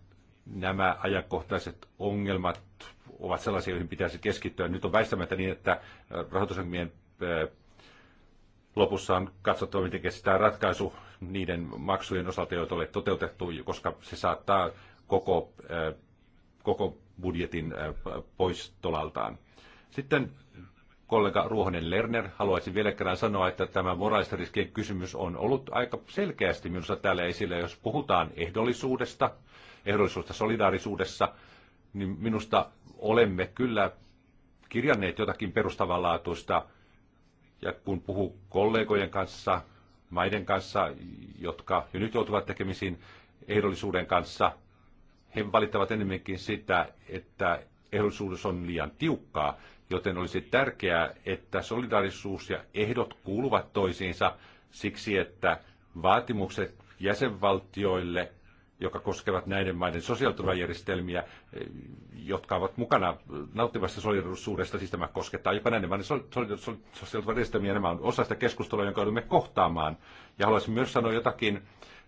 nämä ajankohtaiset ongelmat ovat sellaisia, joihin pitäisi keskittyä. Nyt on väistämättä niin, että äh, rahoitusnäkymien äh, lopussa on katsottava, miten kestää ratkaisu niiden maksujen osalta, joita ole toteutettu, koska se saattaa koko, äh, koko budjetin pois tolaltaan. Sitten kollega Ruohonen Lerner, haluaisin vielä kerran sanoa, että tämä moraalisten kysymys on ollut aika selkeästi minusta täällä esillä. Jos puhutaan ehdollisuudesta, ehdollisuudesta solidaarisuudessa, niin minusta olemme kyllä kirjanneet jotakin perustavanlaatuista. Ja kun puhuu kollegojen kanssa, maiden kanssa, jotka jo nyt joutuvat tekemisiin ehdollisuuden kanssa, he valittavat enemmänkin sitä, että ehdollisuus on liian tiukkaa joten olisi tärkeää, että solidaarisuus ja ehdot kuuluvat toisiinsa siksi, että vaatimukset jäsenvaltioille, jotka koskevat näiden maiden sosiaaliturvajärjestelmiä, eh, jotka ovat mukana nauttivassa solidaarisuudesta, siis tämä koskettaa jopa näiden maiden sosiaaliturvajärjestelmiä, nämä on osa sitä keskustelua, jonka joudumme kohtaamaan. Ja haluaisin myös sanoa jotakin,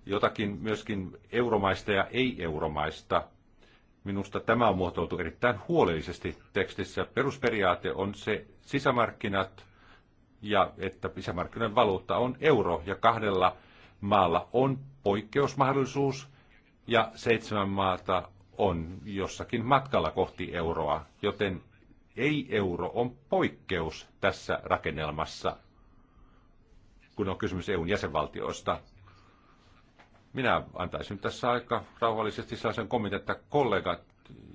jotakin myöskin euromaista ja ei-euromaista Minusta tämä on muotoiltu erittäin huolellisesti tekstissä. Perusperiaate on se sisämarkkinat ja että sisämarkkinoiden valuutta on euro ja kahdella maalla on poikkeusmahdollisuus ja seitsemän maata on jossakin matkalla kohti euroa, joten ei-euro on poikkeus tässä rakennelmassa, kun on kysymys EUn jäsenvaltioista. Minä antaisin tässä aika rauhallisesti sellaisen kommentin, että kollegat,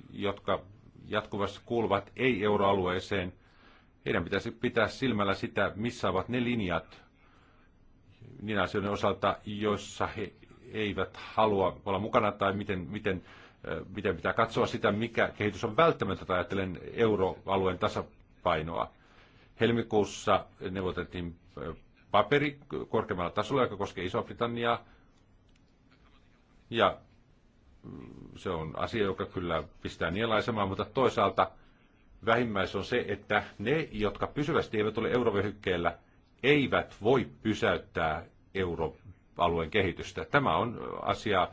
jotka jatkuvasti kuuluvat ei-euroalueeseen, heidän pitäisi pitää silmällä sitä, missä ovat ne linjat niiden asioiden osalta, joissa he eivät halua olla mukana tai miten, miten, miten pitää katsoa sitä, mikä kehitys on välttämätöntä ajatellen euroalueen tasapainoa. Helmikuussa neuvoteltiin paperi korkeammalla tasolla, joka koskee Iso-Britanniaa, ja mm, se on asia, joka kyllä pistää nielaisemaan, mutta toisaalta vähimmäis on se, että ne, jotka pysyvästi eivät ole eurovyöhykkeellä, eivät voi pysäyttää euroalueen kehitystä. Tämä on asia,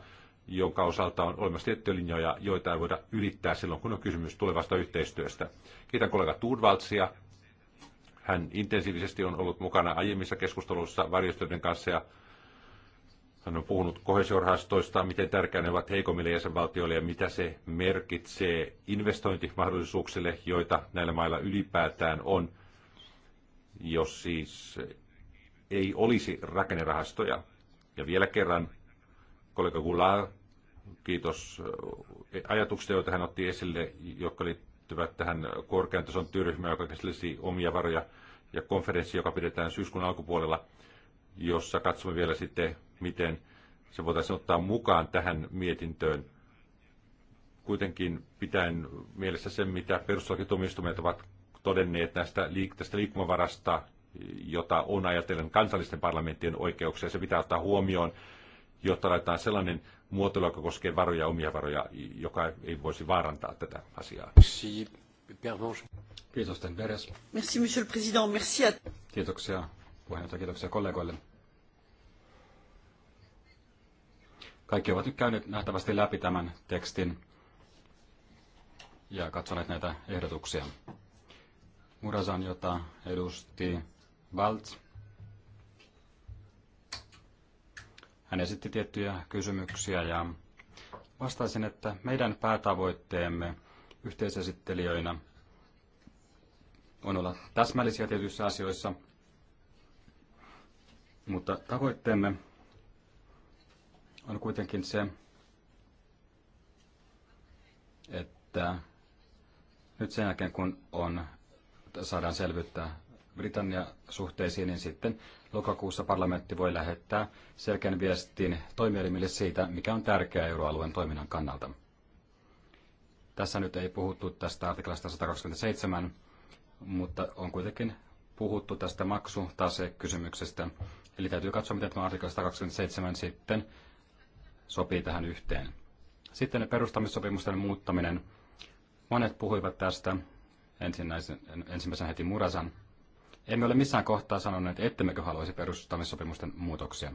jonka osalta on olemassa tiettyjä linjoja, joita ei voida ylittää silloin, kun on kysymys tulevasta yhteistyöstä. Kiitän kollega Tuudvaltsia. Hän intensiivisesti on ollut mukana aiemmissa keskusteluissa varjostöiden kanssa ja hän on puhunut kohesiorahastoista, miten tärkeä ne ovat heikommille jäsenvaltioille ja mitä se merkitsee investointimahdollisuuksille, joita näillä mailla ylipäätään on, jos siis ei olisi rakennerahastoja. Ja vielä kerran, kollega Goulart, kiitos ajatuksista, joita hän otti esille, jotka liittyvät tähän korkean tason työryhmään, joka käsittelisi omia varoja, ja konferenssi, joka pidetään syyskuun alkupuolella, jossa katsomme vielä sitten miten se voitaisiin ottaa mukaan tähän mietintöön. Kuitenkin pitäen mielessä sen, mitä perustuslakituomioistuimet ovat todenneet näistä, liik- tästä liikkumavarasta, jota on ajatellen kansallisten parlamenttien oikeuksia. Se pitää ottaa huomioon, jotta laitetaan sellainen muotoilu, joka koskee varoja omia varoja, joka ei voisi vaarantaa tätä asiaa. Kiitos, Merci, monsieur le président. Merci Kiitoksia puheenjohtaja, kiitoksia kollegoille. Kaikki ovat nyt käyneet nähtävästi läpi tämän tekstin ja katsoneet näitä ehdotuksia. Murasan, jota edusti Valts, hän esitti tiettyjä kysymyksiä ja vastaisin, että meidän päätavoitteemme yhteisesittelijöinä on olla täsmällisiä tietyissä asioissa, mutta tavoitteemme on kuitenkin se, että nyt sen jälkeen kun on, saadaan selvyyttä Britannia suhteisiin, niin sitten lokakuussa parlamentti voi lähettää selkeän viestin toimielimille siitä, mikä on tärkeää euroalueen toiminnan kannalta. Tässä nyt ei puhuttu tästä artiklasta 127, mutta on kuitenkin puhuttu tästä maksutasekysymyksestä. Eli täytyy katsoa, miten tämä artikla 127 sitten sopii tähän yhteen. Sitten perustamissopimusten muuttaminen. Monet puhuivat tästä ensimmäisen heti Murasan. Emme ole missään kohtaa sanoneet, ettemmekö haluaisi perustamissopimusten muutoksia.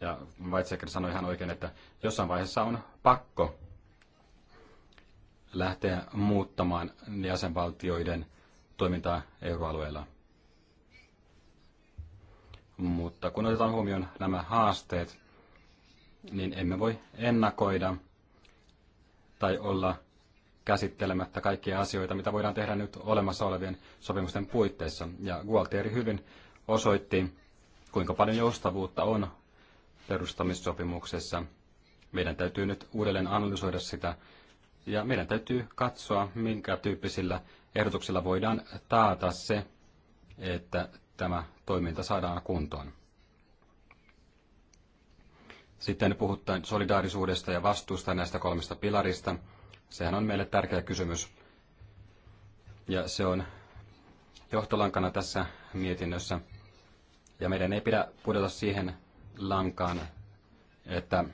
Ja Weizsäcker sanoi ihan oikein, että jossain vaiheessa on pakko lähteä muuttamaan jäsenvaltioiden toimintaa euroalueella. Mutta kun otetaan huomioon nämä haasteet, niin emme voi ennakoida tai olla käsittelemättä kaikkia asioita, mitä voidaan tehdä nyt olemassa olevien sopimusten puitteissa. Ja Gualtieri hyvin osoitti, kuinka paljon joustavuutta on perustamissopimuksessa. Meidän täytyy nyt uudelleen analysoida sitä ja meidän täytyy katsoa, minkä tyyppisillä ehdotuksilla voidaan taata se, että tämä toiminta saadaan kuntoon. Sitten puhutaan solidaarisuudesta ja vastuusta näistä kolmesta pilarista. Sehän on meille tärkeä kysymys. Ja se on johtolankana tässä mietinnössä. Ja meidän ei pidä pudota siihen lankaan, että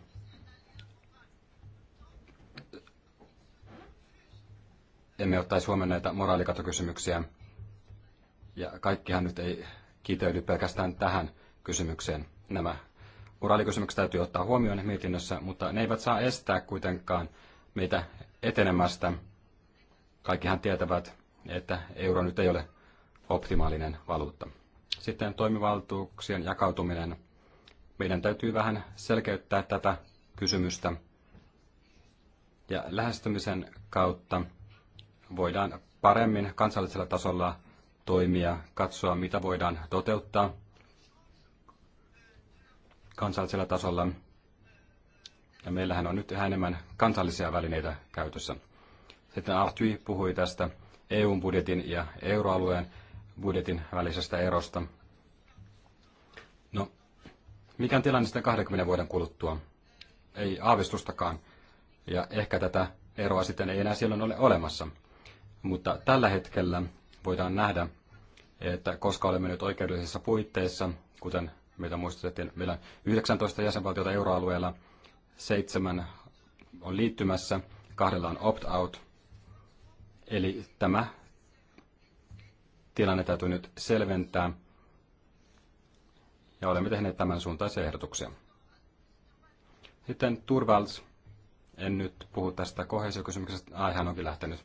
emme ottaisi huomioon näitä moraalikatokysymyksiä. Ja kaikkihan nyt ei kiteydy pelkästään tähän kysymykseen. Nämä moraalikysymykset täytyy ottaa huomioon mietinnössä, mutta ne eivät saa estää kuitenkaan meitä etenemästä. Kaikkihan tietävät, että euro nyt ei ole optimaalinen valuutta. Sitten toimivaltuuksien jakautuminen. Meidän täytyy vähän selkeyttää tätä kysymystä. Ja lähestymisen kautta voidaan paremmin kansallisella tasolla toimia, katsoa mitä voidaan toteuttaa kansallisella tasolla. Ja meillähän on nyt yhä enemmän kansallisia välineitä käytössä. Sitten Artui puhui tästä EUn budjetin ja euroalueen budjetin välisestä erosta. No, mikä on tilanne sitten 20 vuoden kuluttua? Ei aavistustakaan. Ja ehkä tätä eroa sitten ei enää silloin ole olemassa. Mutta tällä hetkellä voidaan nähdä, että koska olemme nyt oikeudellisissa puitteissa, kuten meitä muistutettiin. Meillä on 19 jäsenvaltiota euroalueella, seitsemän on liittymässä, kahdella on opt-out. Eli tämä tilanne täytyy nyt selventää ja olemme tehneet tämän suuntaisia ehdotuksia. Sitten Turvals, en nyt puhu tästä kohesiokysymyksestä, aihan onkin lähtenyt.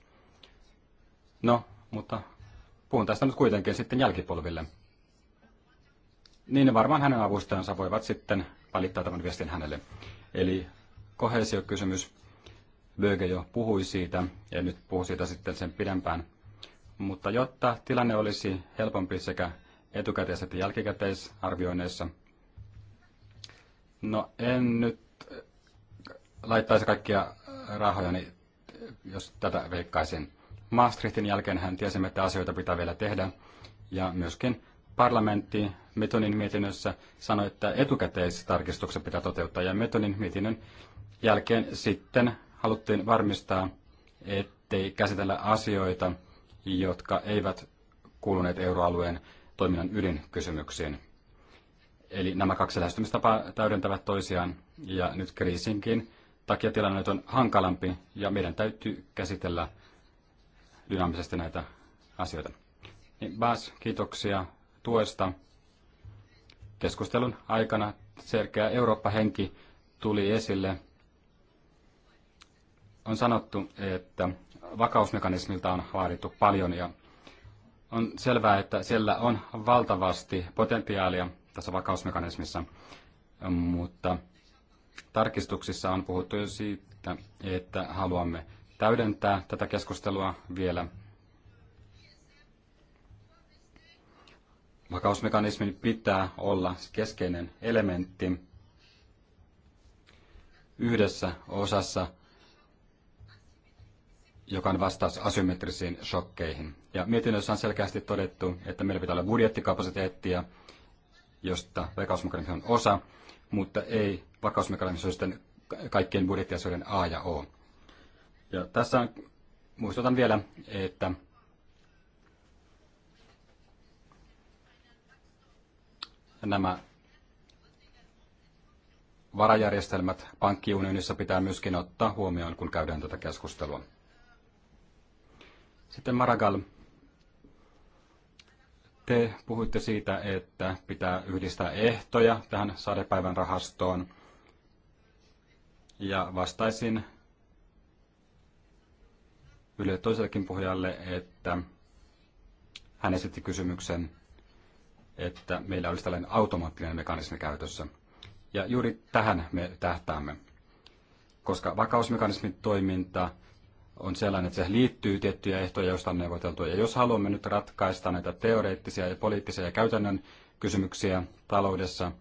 No, mutta puhun tästä nyt kuitenkin sitten jälkipolville niin varmaan hänen avustajansa voivat sitten välittää tämän viestin hänelle. Eli kohesiokysymys. Böge jo puhui siitä, ja nyt puhu siitä sitten sen pidempään. Mutta jotta tilanne olisi helpompi sekä etukäteis- että jälkikäteisarvioinneissa, no en nyt laittaisi kaikkia rahoja, niin jos tätä veikkaisin. Maastrichtin jälkeen hän tiesi, että asioita pitää vielä tehdä, ja myöskin parlamentti Metonin mietinnössä sanoi, että etukäteistarkistukset pitää toteuttaa ja Metonin mietinnön jälkeen sitten haluttiin varmistaa, ettei käsitellä asioita, jotka eivät kuuluneet euroalueen toiminnan ydinkysymyksiin. Eli nämä kaksi lähestymistapaa täydentävät toisiaan ja nyt kriisinkin takia tilanne on hankalampi ja meidän täytyy käsitellä dynaamisesti näitä asioita. Niin Bas, kiitoksia tuesta. Keskustelun aikana selkeä Eurooppa-henki tuli esille. On sanottu, että vakausmekanismilta on vaadittu paljon ja on selvää, että siellä on valtavasti potentiaalia tässä vakausmekanismissa, mutta tarkistuksissa on puhuttu jo siitä, että haluamme täydentää tätä keskustelua vielä Vakausmekanismin pitää olla keskeinen elementti yhdessä osassa, joka on vastaus asymmetrisiin shokkeihin. Ja mietinnössä on selkeästi todettu, että meillä pitää olla budjettikapasiteettia, josta vakausmekanismi on osa, mutta ei vakausmekanismi sitten kaikkien budjettiasioiden A ja O. Ja tässä muistutan vielä, että nämä varajärjestelmät pankkiunionissa pitää myöskin ottaa huomioon, kun käydään tätä keskustelua. Sitten Maragall, te puhuitte siitä, että pitää yhdistää ehtoja tähän sadepäivän rahastoon. Ja vastaisin yle toisellekin puhujalle, että hän esitti kysymyksen että meillä olisi tällainen automaattinen mekanismi käytössä. Ja juuri tähän me tähtäämme, koska vakausmekanismin toiminta on sellainen, että se liittyy tiettyjä ehtoja, joista on neuvoteltu. Ja jos haluamme nyt ratkaista näitä teoreettisia ja poliittisia ja käytännön kysymyksiä taloudessa,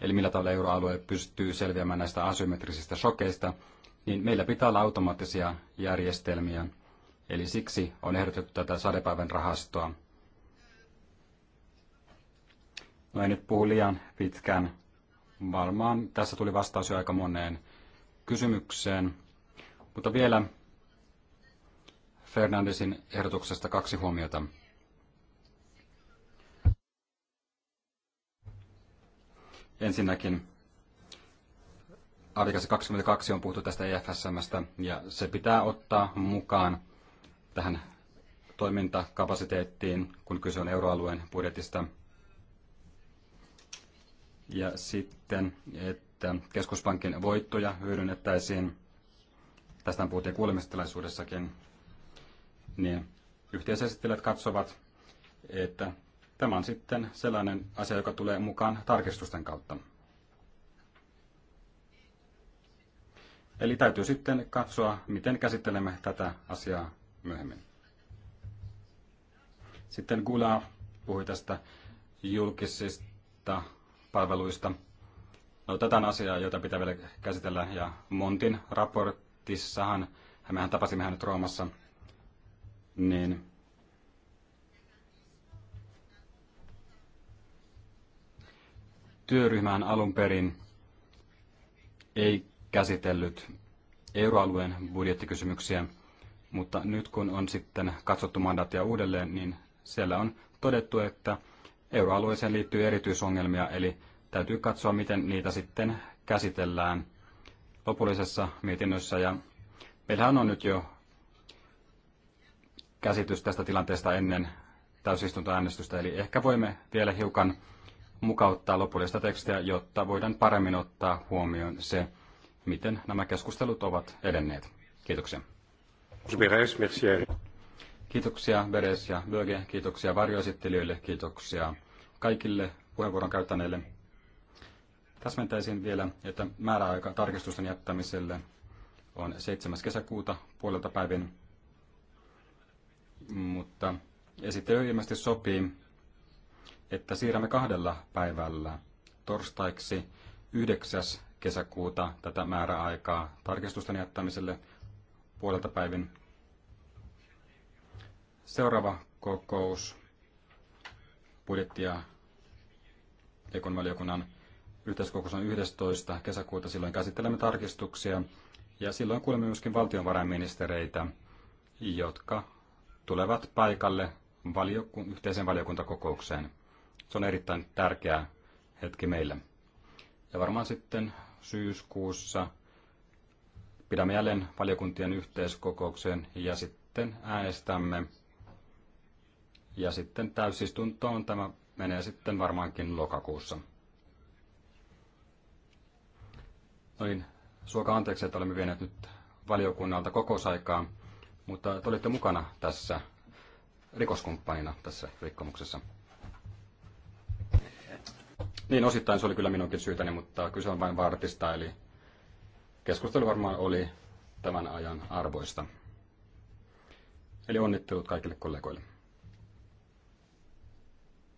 eli millä tavalla euroalue pystyy selviämään näistä asymmetrisistä shokeista, niin meillä pitää olla automaattisia järjestelmiä. Eli siksi on ehdotettu tätä sadepäivän rahastoa, No en nyt puhu liian pitkään. Varmaan tässä tuli vastaus jo aika moneen kysymykseen. Mutta vielä Fernandesin ehdotuksesta kaksi huomiota. Ensinnäkin artikassa 22 on puhuttu tästä EFSMstä ja se pitää ottaa mukaan tähän toimintakapasiteettiin, kun kyse on euroalueen budjetista – ja sitten, että keskuspankin voittoja hyödynnettäisiin, tästä puhuttiin kuulemistilaisuudessakin, niin yhteisesittelijät katsovat, että tämä on sitten sellainen asia, joka tulee mukaan tarkistusten kautta. Eli täytyy sitten katsoa, miten käsittelemme tätä asiaa myöhemmin. Sitten Gula puhui tästä julkisista palveluista. No, tätä on asiaa, jota pitää vielä käsitellä, ja Montin raportissahan, mehän tapasimme hänet Roomassa, niin työryhmään alun perin ei käsitellyt euroalueen budjettikysymyksiä, mutta nyt kun on sitten katsottu mandaattia uudelleen, niin siellä on todettu, että Euroalueeseen liittyy erityisongelmia, eli täytyy katsoa, miten niitä sitten käsitellään lopullisessa mietinnössä. Ja meillähän on nyt jo käsitys tästä tilanteesta ennen täysistuntoäänestystä, eli ehkä voimme vielä hiukan mukauttaa lopullista tekstiä, jotta voidaan paremmin ottaa huomioon se, miten nämä keskustelut ovat edenneet. Kiitoksia. Kiitoksia Beres ja Böge, kiitoksia varjoesittelijöille, kiitoksia kaikille puheenvuoron käyttäneille. Täsmentäisin vielä, että määräaika tarkistusten jättämiselle on 7. kesäkuuta puolelta päivin, mutta esittely ilmeisesti sopii, että siirrämme kahdella päivällä torstaiksi 9. kesäkuuta tätä määräaikaa tarkistusten jättämiselle puolelta päivin Seuraava kokous budjetti- ja ekonvaliokunnan yhteiskokous on 11. kesäkuuta. Silloin käsittelemme tarkistuksia ja silloin kuulemme myöskin valtionvarainministereitä, jotka tulevat paikalle valioku- yhteisen valiokuntakokoukseen. Se on erittäin tärkeä hetki meille. Ja varmaan sitten syyskuussa pidämme jälleen valiokuntien yhteiskokouksen ja sitten äänestämme ja sitten täysistuntoon tämä menee sitten varmaankin lokakuussa. No niin, suoka anteeksi, että olemme vieneet nyt valiokunnalta kokousaikaa, mutta te olitte mukana tässä rikoskumppanina tässä rikkomuksessa. Niin, osittain se oli kyllä minunkin syytäni, mutta kyse on vain vartista, eli keskustelu varmaan oli tämän ajan arvoista. Eli onnittelut kaikille kollegoille.